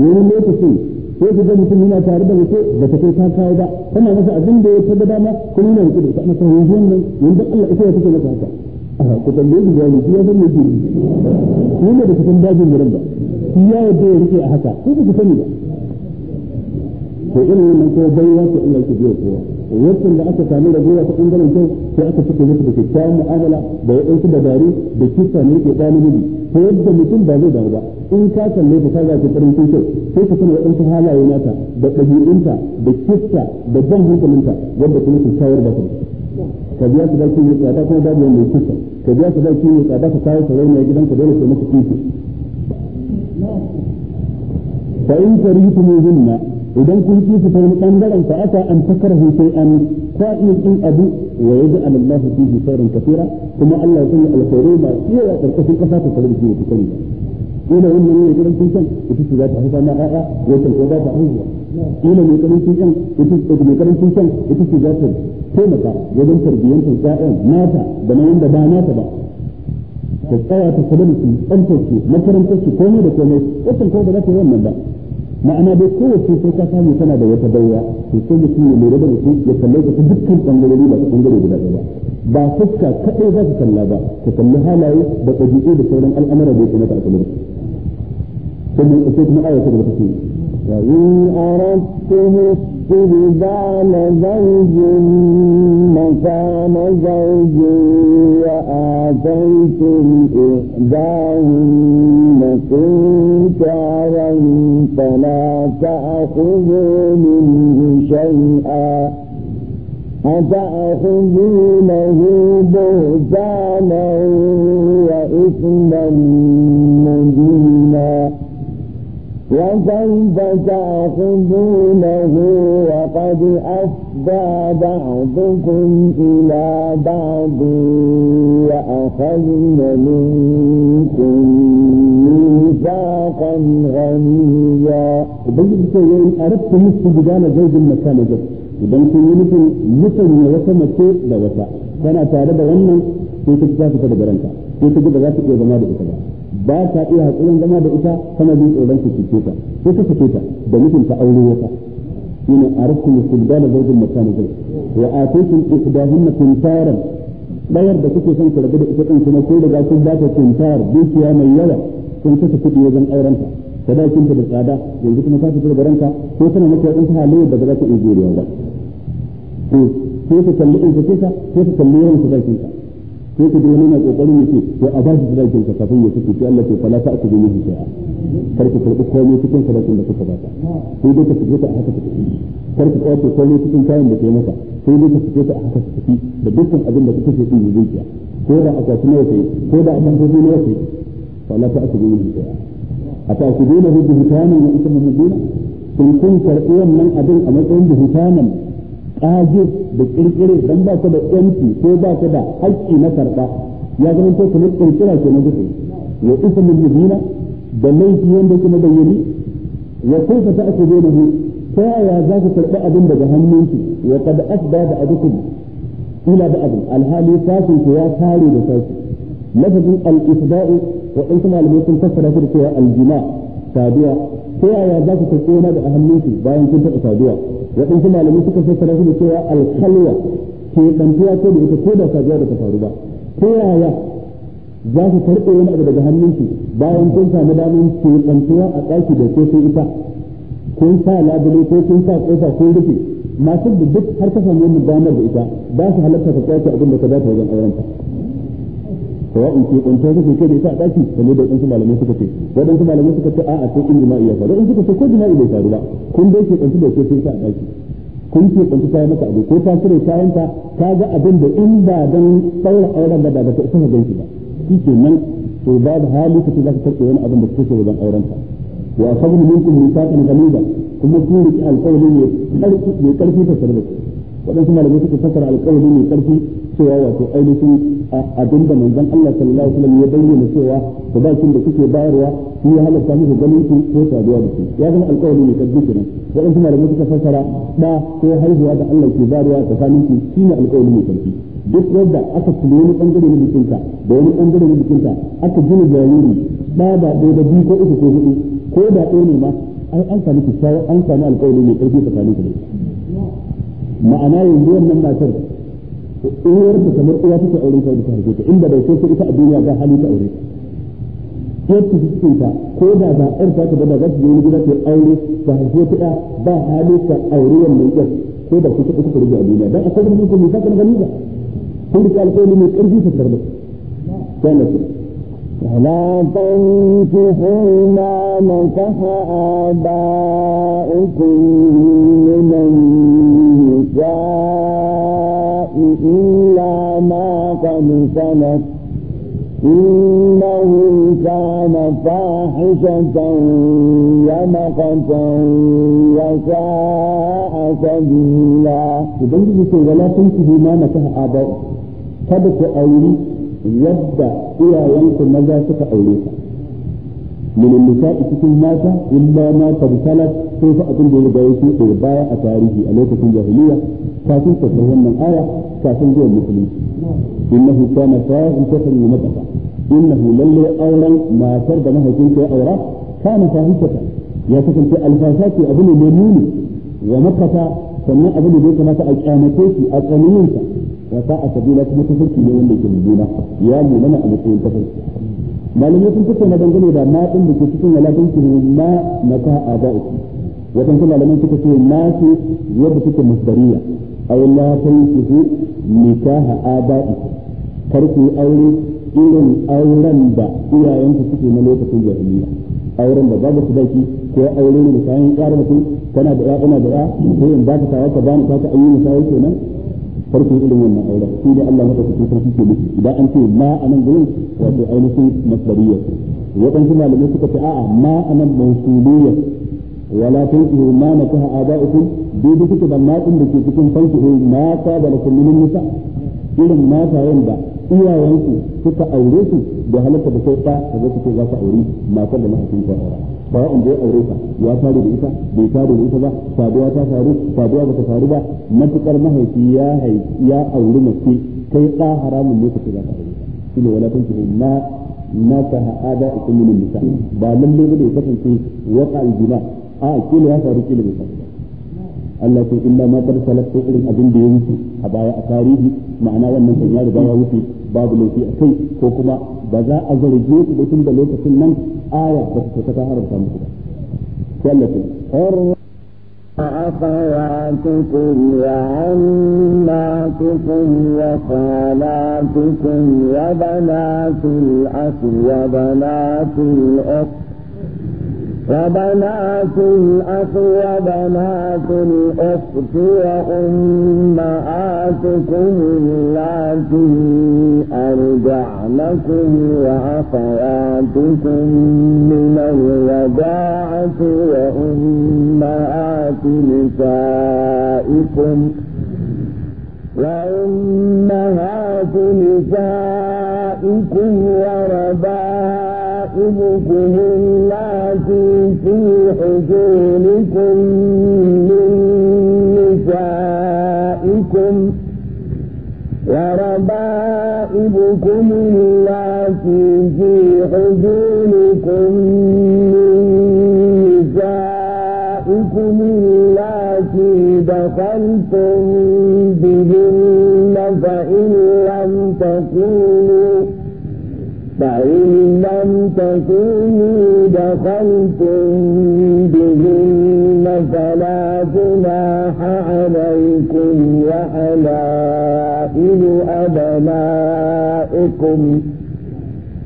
wani lokacin sai ku ga mutum yana tare da mutum da ta kai ta kawo ba tana masa abin da ya ta da dama kuma yana rike da ita masa yanzu nan yanzu Allah ita ya take masa haka ku tambaye ku gani ya san me ke ni ne da kusan dajin garin ba shi ya yarda ya rike a haka ko ku sani ba ko irin wannan ko baiwa ta Allah ke biyo kowa yakin da aka samu ragowa ta ɓangaren kyau sai aka cike musu da kyakkyawan mu'amala da ya waɗansu dabaru da kisa ne ke ɗalibi ta yadda mutum ba zai dawo ba in ka kalle ta kaga ta karin kyau sai ka sani waɗansu halaye nata da ɗabi'unta da kista da jan hankalinta wanda kuma ke shawar ba ta ka biya su zaki mai tsada kuma babu wanda ya kista ka biya su zaki mai tsada ka kawo ta zauna gidan ka dole sai maka kishi fa in karitu mu zinna idan kun kishi ta wani bangaren fa aka an takarahu sai an ka iya abu wa yaj'al Allahu fihi khairan katira kuma Allah ya sanya alkhairai ma yawa karkashin kasa ta kalin shi ta kalin ina wannan ne gidan sun san ita ce za ta haifa na a'a ko ta ko za ta haihuwa ina mai karancin san ita ce ita ce za ta taimaka wajen tarbiyyantar ƴaƴan nata da na wanda ba nata ba ta tsaya ta makarantar komai da komai wannan ko ta yi ba ma'ana dai kowace sai ka samu tana da wata baiwa to sai mutum ya lura da mutum ya kalle ka ta dukkan bangarori ba ta bangare guda ɗaya ba fuska kaɗai za ka kalla ba ka kalli halaye da ɗabi'u da sauran al'amura da ya kamata a kalli sannan sai kuma ayata da ta ce wa in aradtum استبدال زوج مكان زوج وآتيتم إحداهن كنتارا فلا تأخذوا منه شيئا أتأخذونه بهتانا وإثما وسوف تأخذونه وقد أفضى بعضكم إلى بعض وأخذن منكم ميثاقا غنيا. بين شيئين أردت استبدال زوج مكان زوج. idan kun yi nufin musanya wata mace da wata da wannan da ba iya zama da ita ba ba ta iya hakurin zama da ita kana jin tsoron su cike ta ko ta cike ta da ta aure wata shine arkum kubdana zawjin makan zai wa atikum ihdahunna kuntaran bayar da kuke son ku rabu da ita din kuma ko da kun ba ta kuntar dukiya mai yawa kun kasa kuɗi wajen aurenta ta ta da tsada yanzu kuma ka ta da ranka ko kana maka in ta halaye da za ka iya jurewa ba to sai ka kalli in ka sai ka kalli yawan sadakin ka sai ka ji wani na kokarin yake to a ba shi sadakin ka kafin ya fito sai Allah ce fala ta ku bi shay'a kar ku karbi komai cikin sadakin da kuka bata sai dai ka fito ta a haka take kar ku kwace komai cikin kayan da kai masa sai dai ka fito ta a haka take da dukkan abin da kuka so din zuciya ko da aka kuma yake ko da abin da ne yake fala ta ku bi shay'a a ta ku dole hujjatan wa antum mubin kun kun karbi wannan abin a matsayin hujjatan kajir da kirkire dan ba ka da yanci ko ba ka da haƙƙi na karɓa ya zama to kuma kirkira ke na duka ya isa min mubina da laifi wanda kuma bayyani ya kaifa ta'khudhuhu ta yaya za ku karɓi abin daga hannunki wa qad asba da adukum ila da abu alhali sashin ku ya tare da sashi lafazin al-isba'u wa in kuma al-mutum fassara da cewa al saduwa ta yaya za ku karɓi wani da hannunki bayan kun taɓa saduwa waɗansu malami suka fassara su da cewa alkalwa ke ɗantuwa ko da ita ko da sabuwa da ta faru ba ta yaya za su karɓe wani abu daga hannunsu bayan kun samu damar ke ɗantuwa a ɗaki da ko sai ita kun sa labule ko kun sa ƙofa ko rufe masu da duk har ka samu wani damar da ita ba su halatta ka kwace abin da ka za ta wajen aurenta. in ke kuntar rufe kai da ita a daki kamar da wadansu malamai suka ce wadansu malamai suka ce a'a sai in jima'i ya faru in suka ce ko jima'i bai faru ba kun dai ke kuntar da ke sai ta a daki kun ke kuntar ta maka abu ko ta cire kayanta ta ga abin da in ba dan saura auren ba da ba ta isa ganki ba shi ke nan to babu hali ka ce za ka karɓe wani abin da kake wajen aurenta wa asabu minkum mithaqan ghalida kuma kun riki alqawli ne karfi ne karfi ta sarrafa waɗansu malamai suka fassara alƙawari mai ƙarfi cewa wato ainihin abin da manzon Allah sallallahu alaihi wasallam ya bayyana cewa sadakin da kuke bayarwa shi ya halatta muku ganin ku ko saduwa da su, ya zama alƙawari mai ƙarfi kenan waɗansu malamai suka fassara da ko haihuwa da Allah ke bayarwa tsakanin ku shine alƙawari mai ƙarfi duk wanda aka kula wani bangare na jikinka da wani bangare na jikinka aka gina jariri ba ba ɗaya da biyu ko uku ko hudu ko da ɗaya ne ma an sami kyakkyawa an sami alƙawari mai ƙarfi tsakanin ku ma'ana yanzu wannan matar uwar ta kamar uwa take aure ta da take ta inda bai sai ita a duniya ga hali ta aure ta yadda suke ta ko da ba ɗan ta ta bada za su je wani gida ta aure ta harbe ta ba hali ta aure wannan ɗan ko da kuka kuka rubuta a duniya dan akwai wani kuma ta kan gani ba kun da alƙawari mai ƙarfi ta tarbi ta na ولا تنكحوا ما نكح آباؤكم من النساء إلا ما قد سلف إنه كان فاحشة ومقتا وساء سبيلا. إذا أنت ولا تنكحوا ما نكح آباؤكم. kada ku auri yadda iyayenku maza suka aure ka min nisa'i cikin mata illa ma tabtalat sai fa abin da ya gaya shi da baya a tarihi a lokacin jahiliya kafin ta san wannan aya kafin zuwa musulunci innahu kana fa'ikatan min mata innahu lalle auren matar da mahaifinka ya aura kana fa'ikatan ya kasance alfasa ce abu ne mai nuni wa makata sannan abin ne da ya kamata a kyamace shi a tsaniyinsa a sabi na kuma tafarki ne wanda ke mummuna ya munana a matsayin tafarki malamai sun fito na dangane da ma din da ke cikin su na na mata a ba'uku kuma malamai suka ce na su yadda suke masdariya aw la tankihu nikaha aba'iku kar ku aure irin auren da iyayenku suke na lokacin jahiliya auren da babu su daki ko aure da kayan ƙara mutum kana da ya ina da ya ko in ba ka tawa ka ba ni ka ta ayyuka kenan farkon ilimin na aure shi da Allah ya tafi sun ke miki da an ce ma anan gurin wato ainihin masdariya ce wadansu malamai suka ce a'a ma anan mansubiya wala tanqihu ma nakaha aba'ukum bi dukkan da ma da ke cikin fanki ma ka da kullun nisa irin ma tayin da iyayensu suka aure su da halitta da sai ta da ce za ka aure matar da mahaifin ka aura ba wa inda ya aure ka ya tare da ita bai tare da ita ba saduwa ta faru saduwa ba ta faru ba matukar mahaifi ya ya aure mace kai ɗa haramun ne kace za ka aure ta ne wala na na ma ka da ikum min nisa ba lalle ba da ya kasance waqa aljina a kila ya faru kila bai faru Allah ce illa ma kar salaf ko irin abin da ya wuce a baya a tarihi ma'ana wannan kan ya riga ya wuce babu laifi a kai ko kuma ba za a zarge su da tun lokacin nan aya ba su ta haramta musu ba sallatu أخواتكم وعماتكم وخالاتكم وبنات الأخ وبنات الأخت وبنات الأخ وبنات الأخت وأمهاتكم التي أرجعنكم وأخواتكم من الرضاعة وأمهات نسائكم وأمهات نسائكم وربائكم صاحبكم التي في حجونكم من نسائكم وربائبكم التي في حجونكم من نسائكم التي دخلتم بهن فإن لم تكونوا فإن تكونوا دخلتم بهن فلا جناح عليكم وحلائل أبنائكم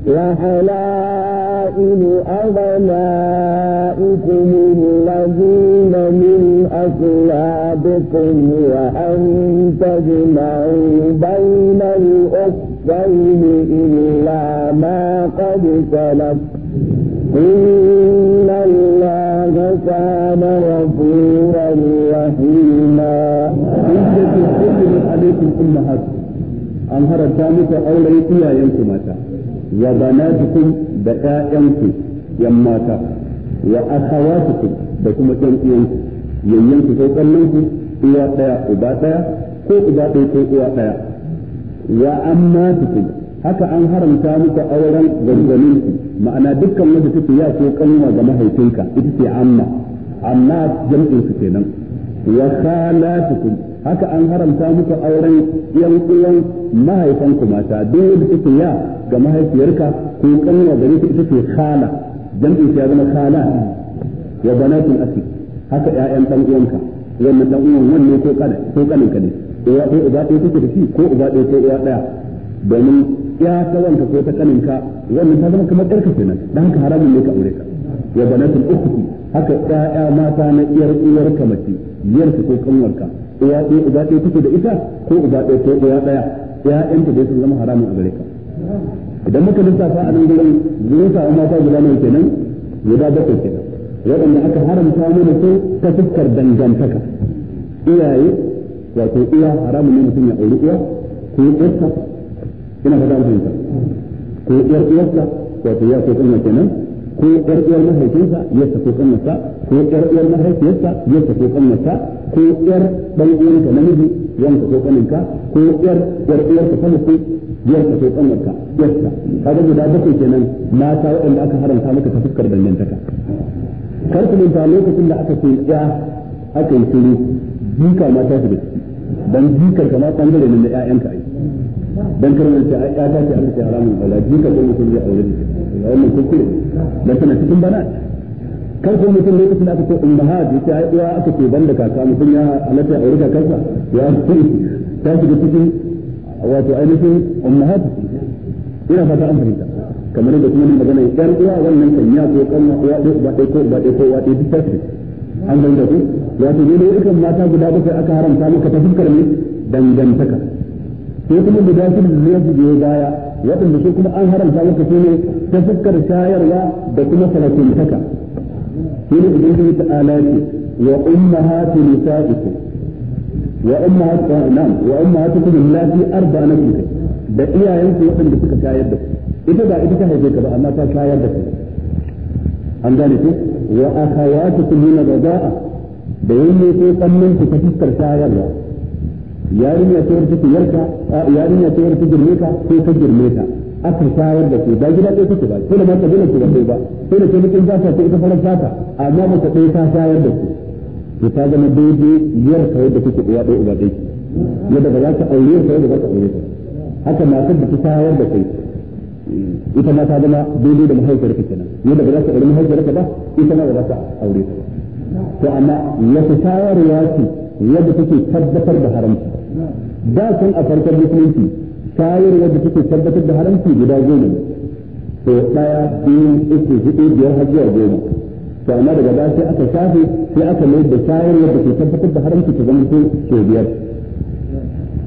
وحلائل أبنائكم الذين من أصلابكم وأن تجمعوا بين الأختين القلم إن الله كان غفورا رحيما عليكم أمهاتكم an haranta muku auren iyayenku mata wa banatukum da ƴaƴanku yan mata da kuma yayyanku ko kallonku uwa ɗaya uba ɗaya ko uba ɗaya ko uwa ɗaya wa ammatukum haka an haramta muku auren gangwanin ma'ana dukkan wanda take ya ce kanwa ga mahaifinka ita ce amma amma jam'in su kenan wa khalatukum haka an haramta muku auren yan uwan mahaifanku mata duk wanda take ya ga mahaifiyarka ko kanwa gare ta ita ce khala jam'in ya zama khala wa banatul akhi haka ƴaƴan dan uwanka wannan dan uwan wannan ko kana ko kanin ka ne ko uba ɗaya take da shi ko uba ɗaya ko uwa ɗaya domin ya ta wanka ko ta kaninka wannan ta zama kamar ɗarka kenan dan haka haramun ne ka aure ka ya wa banatul ukhti haka ƴaƴa mata na iyar uwar ka mace iyar ko kanwarka uwa ɗaya uba ɗaya kuke da ita ko uba ɗaya ko uwa ɗaya ƴaƴanta da sun zama haramun a gare ka idan muka lissafa a nan gurin gurin sa mata guda nawa kenan guda bakwai kenan waɗanda aka haramta mana su ta fuskar dangantaka iyaye wato iya haramun ne mutum ya auri uwa ko yarsa ina fata mutum ta ko yar uwarsa wato ya ko kuma kenan ko yar uwar mahaifinsa ya sako kannarsa ko yar uwar mahaifiyarsa ya sako kannarsa ko yar dan uwanka namiji ya sako kanninka ko yar yar uwarka ta mutu ya sako kannarka yarsa kaga guda bakwai kenan mata waɗanda aka haramta maka ta fuskar dangantaka kar ku manta lokacin da aka ce ya aka yi shiru jika mata su da dan jikar kamar bangare ne na 'ya'yanka. dan karnar ce ai ta ce an ce haramun aure ji ka ko mutum zai aure da shi ta wannan kuskure da tana cikin bana kar ko mutum lokacin da aka ce ummahat yace ai uwa aka ce banda kaka mutum ya alata aure da kansa ya ta shiga cikin wato ainihin ummahat ina fata an fahimta kamar da kuma magana yan uwa wannan kan ya ko kan uwa ko ba dai ko ba dai ko wa dai duk tafi an da ku wato ne da irin mata guda bakwai aka haramta maka ta fuskar ne dangantaka sai kuma guda shida da zai biyo baya waɗanda su kuma an haramta maka su ne ta fuskar shayarwa da kuma salafintaka shi ne idan ta alaƙi wa umma ummahatu nisa'ikum wa umma ummahatu ah, na'am wa ummahatukum na arba'anakum da iyayenku waɗanda suka shayar da su ita ba ita ta haife ka ba amma ta shayar da su. an gane ku wa akhawatukum min za'a da yanne ko ku ta fuskar shayarwa yarinya ta yarda ta yarka yarinya ta yarda girme ka ko ka girme ta aka shawar da ku ba gida ɗaya take ba ko da ma kabila ku ba sai ba sai da kuma kin zata ta ita farar zata amma ba ta ɗaya ta shawar da ku to ta zama daidai yarka yadda kuke ɗaya ɗaya uba ɗaya yadda ba za ka aure ka yadda ba ka aure ta haka matar da ta shawar da kai ita ma ta zama daidai da mahaifiyar ka kenan yadda ba za ka aure mahaifiyar ka ba ita ma ba za ka aure ta to amma wata shawarwa ce yadda take tabbatar da haramci da san a farkon musulunci shayarwar wadda suke tabbatar da haramci guda goma to daya biyu uku hudu biyar har zuwa goma to amma daga baya sai aka shafe sai aka mai da shayarwar wadda ke tabbatar da haramci ta zama ko ke biyar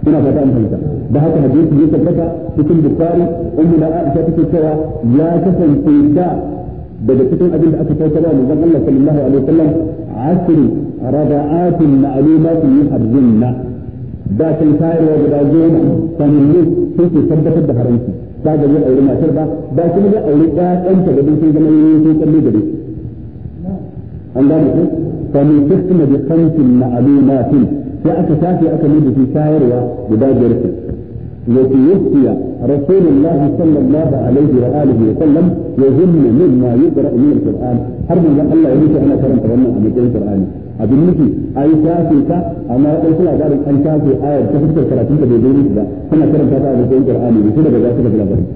ina fata an fahimta da haka hadisi ya tabbata cikin bukari ummu da aisha take cewa ya kasance da daga cikin abin da aka kautar wa manzon Allah sallallahu alaihi wasallam asri rada'atin ma'lumatin yuharrimna da kan tayarwa guda goma sanannu sun ke tabbatar da haramci ba da zai auri matar ba ba kuma zai auri ƴaƴanta da sun zama yin sun kalli da dai an gane ku fa min kisma bi khamsin ma'lumatin sai aka tafi aka mai da shi tayarwa guda biyar ce wa tuwfiya rasulullahi sallallahu alaihi wa alihi wa sallam وهم مما يقرا من القران هل من الله يريد أنا كرم تغنى عن القران abin nufi a yi shafe ka amma waɗansu labarin an shafe ayar ta fuskar karatun da bai daidai ba suna karanta ta a matsayin qur'ani ne su daga za su daga labarin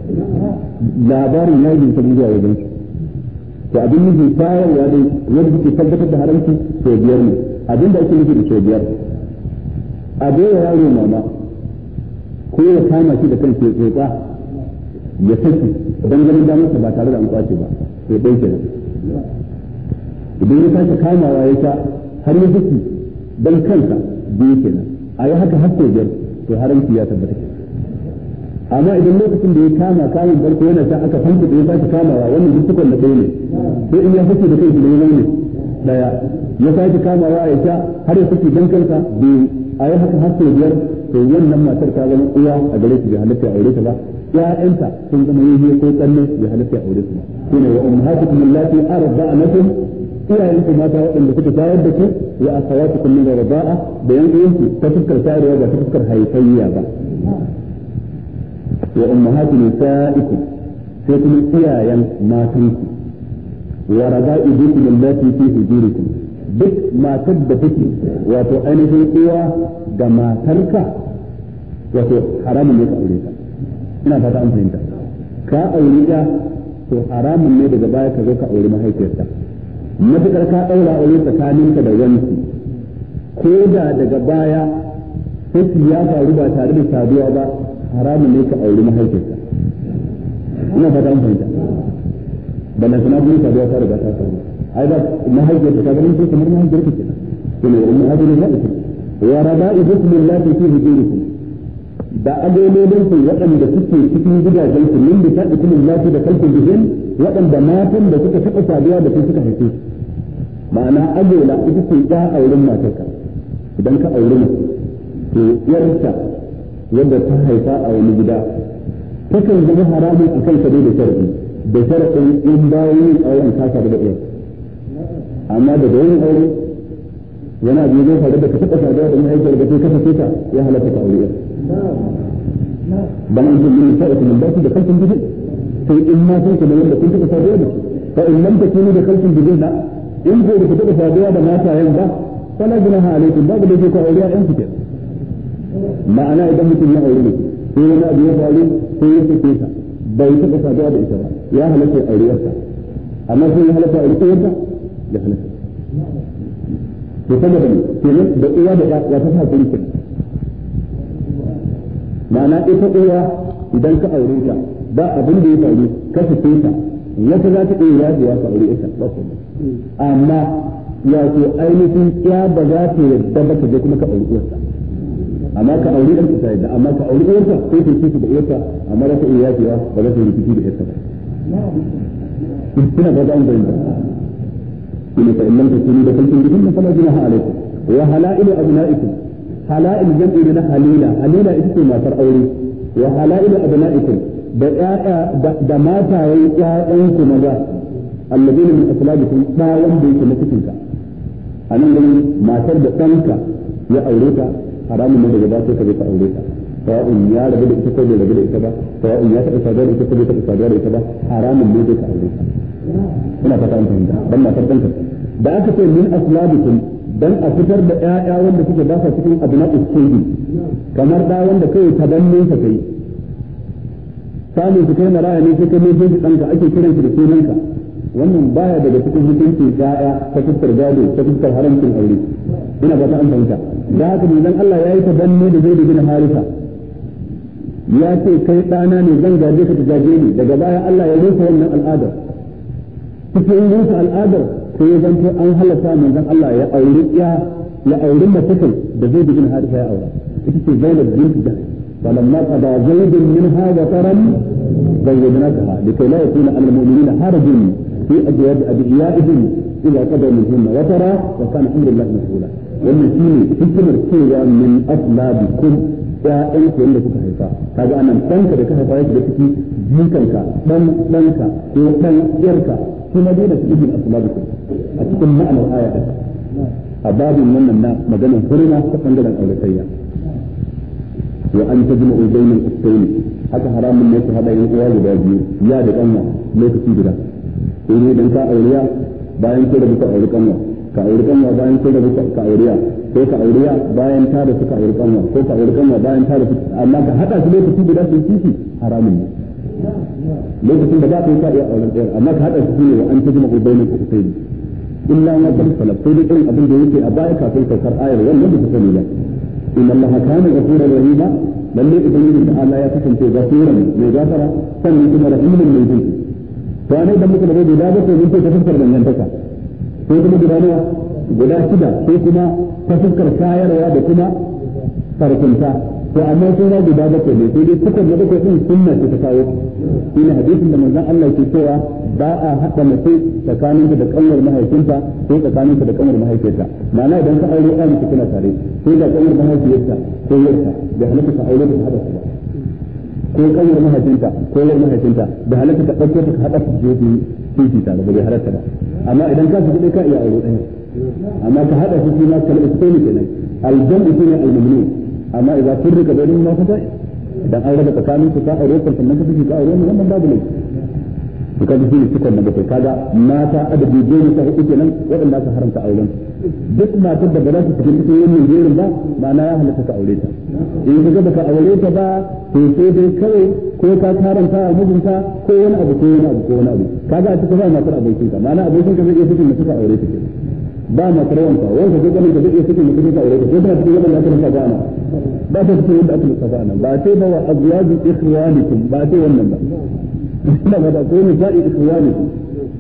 labarin ya yi ta zuwa wajen su to abin nufi tayarwa dai yadda ke tabbatar da haramci to biyar ne abin da ake nufi da to biyar a bai yaro mama ko ya kama shi da kan ke tsotsa ya saki don gani damarsa ba tare da an kwace ba sai dai kenan idan ya sake kamawa ya sha har ya duki don kansa biyu kenan a yi haka har sau biyar to haramci ya tabbata amma idan lokacin da ya kama kayan farko yana sa aka fanta da ya sake kamawa wannan dukkan da ɗaya ne sai in ya fice da kansa da ya ne daya ya sake kamawa ya sha har ya fice don kansa biyu a yi haka har sau biyar to wannan matar ta zama uwa a gare shi bai halatta aure ta ba ya'yanta sun zama yayi ko kanne bai halatta aure su ba shine wa ummahatukum allati arba'anakum iyayenku mata waɗanda suka tayar da ku wa akhawatukum min raba'a da yan uwanku ta fuskar tarewa ba ta fuskar haifayya ba wa ummahatu nisa'ikum sai kuma iyayen matanku wa raba'ibukum allati fi hujurikum duk matar da take wato ainihin uwa ga matarka wato haramun ne ka aure ta ina fata an fahimta ka aure ta to haramun ne daga baya ka zo ka aure mahaifiyarta matukar ka daura aure ka da wani ko da daga baya sai ya faru ba tare da saduwa ba haramun ne ka aure mahaifiyarta ina fata an fahimta na suna gurin saduwa ta riga ta faru ai ba mahaifiyarta ta ganin sai kamar mahaifiyarta kenan to ne ummu hadu ne ya ce wa raba'i bismillahi fi hujurikum da agololin su waɗanda suke cikin gidajen su min bisa kuma lafi da kalfin bihin waɗanda matan da suka taɓa saduwa da su suka haife ma'ana agola ita ce ta auren matarka idan ka aure mace to yarta yadda ta haifa a wani gida ta takan zama haramun a kan dai da sharadi da sharadin in bayan yin auren ka sadu da ɗaya amma da yin aure yana biyu zai faru da ka taɓa saduwa da mahaifiyar da ta kasance ta ya halatta ka aure dan in kun sai kun ba da kalkin bijin sai in ma sai ku da wanda kun taɓa saduwa da fa in nan lam takunu da kalkin bijin na in ko ku taɓa saduwa da mata yan ba fala gunaha alaikum babu da ke ku auriya yan ku ma'ana idan mutum ya aure ne sai wani abu ya faru sai ya sake ta bai taɓa saduwa da ita ba ya halatta aure yarsa amma sai ya halatta aure ta ya halatta to saboda ne kenan da uwa da ya ta sa hakuri ma'ana ita ɗaya idan ka aure ta ba abin da ya faru ka fice ta wata za ta iya yaji ya aure ita ba ko amma ya ce ainihin ya ba za ta yarda ba ta je kuma ka aure uwarta amma ka aure ɗan ta yarda amma ka aure uwarta ko ta ce da uwarta amma za ta iya yaji ya ba za ta rikici da ita ba kuna ga zan bayyana kuma fa in lam takunu da kalkin bihin fala junaha alaikum wa halailu abnaikum hala'il jam'i na halila halila ita ce matar aure wa hala'il abna'ikum da ƴaƴa da matayen ƴaƴanku maza alladina min aslabikum da wanda yake na cikin ka anan gani matar da ɗanka ya aure ta haramun ne daga ba sai ka je ka aure ta sawa'un ya rabu da ita ko bai rabu da ita ba sawa'un ya taɓa saduwa da ita ko bai taɓa saduwa da ita ba haramun ne dai ka aure ta ina fata an fahimta ban matar ɗanka da aka ce min aslabikum dan a fitar da ƴaƴa wanda suke ba sa cikin abna usulbi kamar da wanda kai tabannin ka kai sami su kai maraya ne sai kai mai ɗanka ake kiran shi da sunanka wannan baya daga cikin hukunci ƴaƴa ta fuskar gado ta fuskar haramcin aure ina ba ta an fahimta da haka ne dan Allah da zai bin harisa ya ce kai ɗana ne zan gaje ka ta gaje ni daga baya Allah ya rufe wannan al'adar cikin rufe al'adar sai ya zanto an halatta zan Allah ya auri ya ya auri mutum da zai bin harisa ya aura ita ce Zainab bint Jahsh falamma qada Zaid minha wa taram zayyadnakaha likay la yakuna al mu'minina harajun fi ajwab adiyaihim idza qada minhunna wa tara wa kana amru Allah mas'ula wannan shine hikimar cewa min aslabikum ya'yan ku da kuka haifa kaga anan danka da ka haifa yake da ciki jikanka dan danka ko dan yarka kuma dai da cikin asbabikum a cikin ma'anar ayata a babin wannan na maganar hurma ta bangaren auratayya wa an tajma'u bainal uktayn haka haramun ne su hada yan uwa guda biyu ya da kanwa lokaci guda sai ne dan ka auriya bayan ko da buka auri kanwa ka aure kanwa bayan ko da buka ka auriya ko ka auriya bayan ta da suka aure kanwa ko ka aure kanwa bayan ta da suka amma ka hada su lokaci guda su kishi haramun ne lokacin da ba ka yi ka iya auren ɗayar amma ka haɗa su ne wa an ta jima ubainan ku sai illa ya kan salaf sai dai abin da yake a baya kafin saukar ayar wannan da ku sani ba in Allah kana ghafurur rahima lalle yin da Allah ya kasance ghafuran mai gafara sannan kuma rahimin mai jinki to anai da muka da bai da ba sai mun ta fuskar dangantaka sai kuma guda nawa guda shida sai kuma ta fuskar kayarwa da kuma farkunta to amma sun rage da bako ne sai dai sukar da bakwai din sunna ce ta kawo ina hadisin da manzon Allah ke cewa ba a haɗa mace tsakanin da kanwar mahaifinta ko tsakanin da kanwar mahaifinta ma'ana idan ka aure ɗan ki kuna tare ko da kanwar mahaifinta ko yarta da halaka ka aure da haɗa su ko kanwar mahaifinta ko yar mahaifinta da halaka ka dauke ta haɗa su je su titi tare da bai halatta amma idan ka su ka iya aure ɗaya amma ka haɗa su shi ma kalmar sai ne kenan aljamu shine almamnu amma idza kun rika bayin ma fa idan an raba tsakanin ku ka aure kan sannan ka ka aure mu wannan babu laifi to kaga shi suka nan bakai kaga mata adadi goma sha hudu kenan wadanda aka haramta auren duk matar da ba za ta cikin cikin wannan jerin ba ma'ana ya halatta ka aure ta in kaga baka aure ta ba to sai dai kawai ko ka karanta a mijinka ko wani abu ko wani abu ko wani abu kaga a cikin ba matar abokinka ma'ana abokinka zai iya fitin da suka aure ta ba na karawanta wanda zai ganin da zai iya cikin mutum ta aure ko da cikin yamma ya karanta ba na ba ta cikin yadda aka lissafa nan ba sai ba wa azwaju ikhwanikum ba sai wannan ba ina ba da ko ne sai ikhwanikum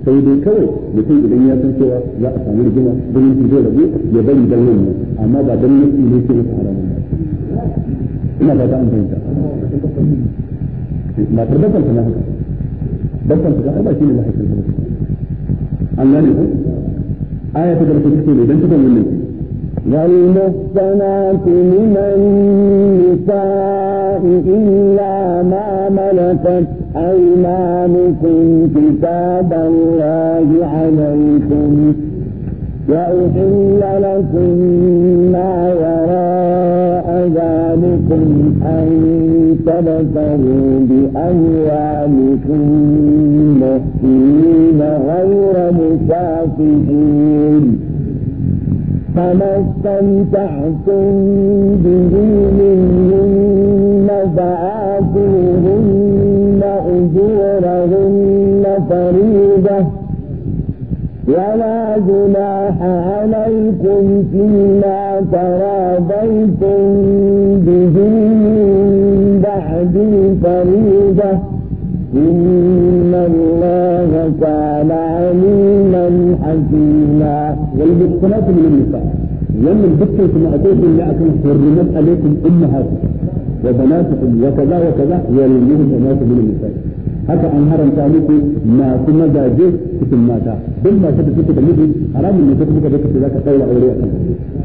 sai dai kawai mutum idan ya san cewa za a samu rigima don yin zai rabu ya bari dan nan amma ba dan nasi ne ke masa haramun ba ina ba ta an fahimta matar bakar ta na haka bakar ta ba shi ne mahaifin ta an gane ko آية تدرس تكتب إذا أنت تقول لي من النساء إلا ما ملكت أيمانكم كتاب الله عليكم وأحل لكم ما وراء ذلكم أن تبتغوا بأموالكم محسنين غير مسافحين فما استمتعتم به منهن فآتوهن أجورهن فريضة ولا جناح عليكم فيما تراضيتم به من بعد الفريضة إن الله كان عليما حكيما والمحصنات من النساء ومن بكر ثم أتيتم لأكم حرمت عليكم أمهاتكم وبناتكم وكذا وكذا والمحصنات من النساء haka an haramta muku masu mazaje cikin mata duk masu da suke da miji haramun ne kuma kaje kace zaka daura aure a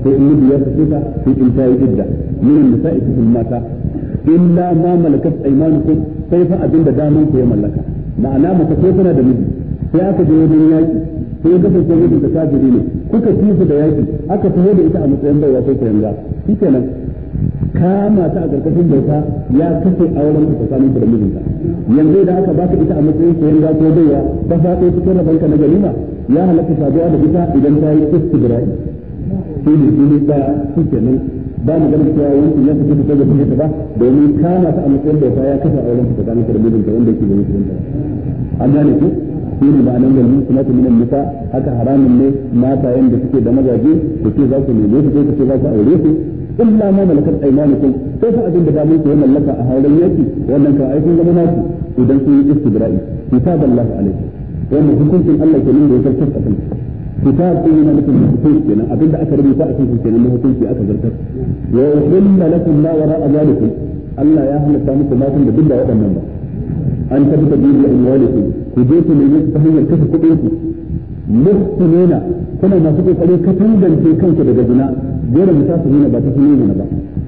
sai in miji ya fice ka sai in tayi idda min nisa'i cikin mata illa ma malakat aymanukum sai fa abinda daman ya mallaka ma'ana mace ko da miji sai aka je wajen yaki sai ya kasance mutum da kafiri ne kuka fi da yaki aka fi da ita a matsayin baiwa sai ka yanga shi kenan kama ta a karkashin bauta ya kashe auren ka tsakanin da mijinka yanzu da aka baka ita a matsayin koyon gato baiwa ta ko cikin ka na galima ya halatta saduwa da ita idan ta yi istibra'i shi ne shi ne ta shi kenan ba mu ganin cewa wancan ya fito da kaga ta ba domin kama ta a matsayin bauta ya kashe auren ka tsakanin da mijinka wanda yake da mutunta an gane ku shine ba nan galmi kuma ta minan nisa haka haramun ne mata yanda suke da mazaje ku ce za ku nemi su ku ce za ku aure su in ma malakat aymanukum sai fa abin da ba mun ku wannan laka a hauren yaki wannan ka aikin zama naku idan sun yi istibra'i kitaballahi alaikum wannan hukuncin Allah ke nan da ya zartar a kanku kitab din yana nufin hukunci kenan abinda aka rubuta a kanku kenan na hukunci aka zartar wa uhilla lakum ma wara'a zalikum Allah ya halatta muku matan da duk da waɗannan ba an tafi tabbata bi da amwalikum ku je ku nemi ta hanyar kashe kuɗin ku muhsinina kuna masu kokari ka tangance kanku daga zina dole mu tasu nuna ba ta nuna ba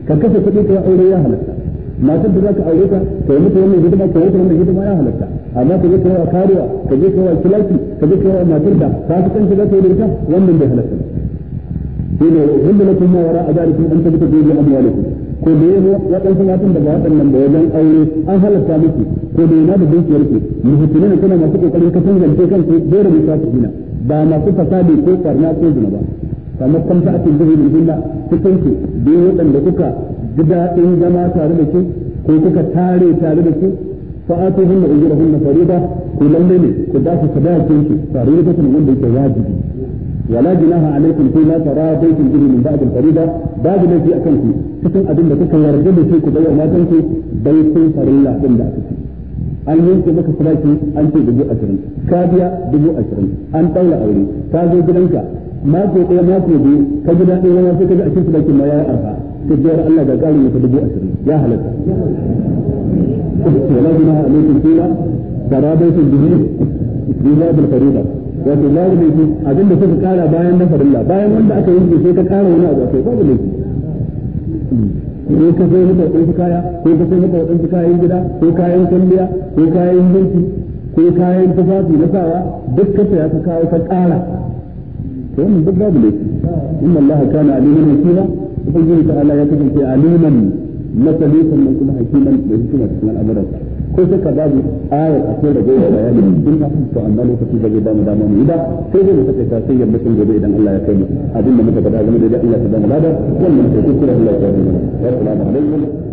ka kasa kuɗi ka aure ya halatta matar da za ka aure ta ka yi mata wannan hidima ka yi mata wannan hidima ya halatta amma ka je ka yawa karuwa ka je ka yawa kilaki ka je ka yawa matar da ka fi kanka za ka yi da ita wannan bai halatta ba shine wanda lakum ma wara adarikum an tabbata bi amwalikum ko da yawa waɗansu matan daga ba waɗannan da wajen aure an halatta miki ko da yana da dukiyar ku muhittinina kuna masu kokarin kasan zance kanku dole mu sa kina ba masu fasadi ko karna ko zina ba kamar kan ta atin bihi min billah cikin ku da waɗanda kuka ji in zama tare da ku ko kuka tare tare da ku fa atuhunna ujurahunna fariida ku lalle ne ku da ku sadakin ku fariida kuma wanda yake wajibi ولا جناح عليكم فيما تراضيتم به من بعد الفريضة بعد الذي أكنتم تكن أدلة ku يرجل فيكم بيع ما تنتي بيت فريلا عند أكنتم an yanke maka sadaki an ce dubu ashirin ka biya dubu ashirin an ɗaura aure ka zo gidanka mako ɗaya mako biyu ka gida ɗaya ma sai ka ga ashirin sadakin ma ya yi arha ka biyar Allah ga ƙarin maka dubu ashirin ya halatta. Wala gina a lokacin kila, sarabaitin dubu, dubu abin farida. wato babu laifi abin da suka kara bayan na farilla bayan wanda aka yi sai ka kara wani abu sai babu laifi hmm. ne ka sai waɗansu kaya ko ka sai waɗansu kayan gida ko kayan kwalliya ko kayan yanki ko kayan tufafi na sawa duk ka saya ka kawo ka ƙara to wannan duk babu laifi inna allaha kana aliman hakima ubangiji Allah ya kasance aliman masali sannan kuma hakiman da hikima cikin al'amuran ko sai ka babu aya a ko da gobe bayani din ka to amma lokaci da zai ba mu dama mu yi ba sai zai mu saka ta sai yamma sun gobe idan Allah ya kai mu abin da muka faɗa game da Allah ta ba mu lada wannan sai kuma Allah ya kai mu assalamu alaikum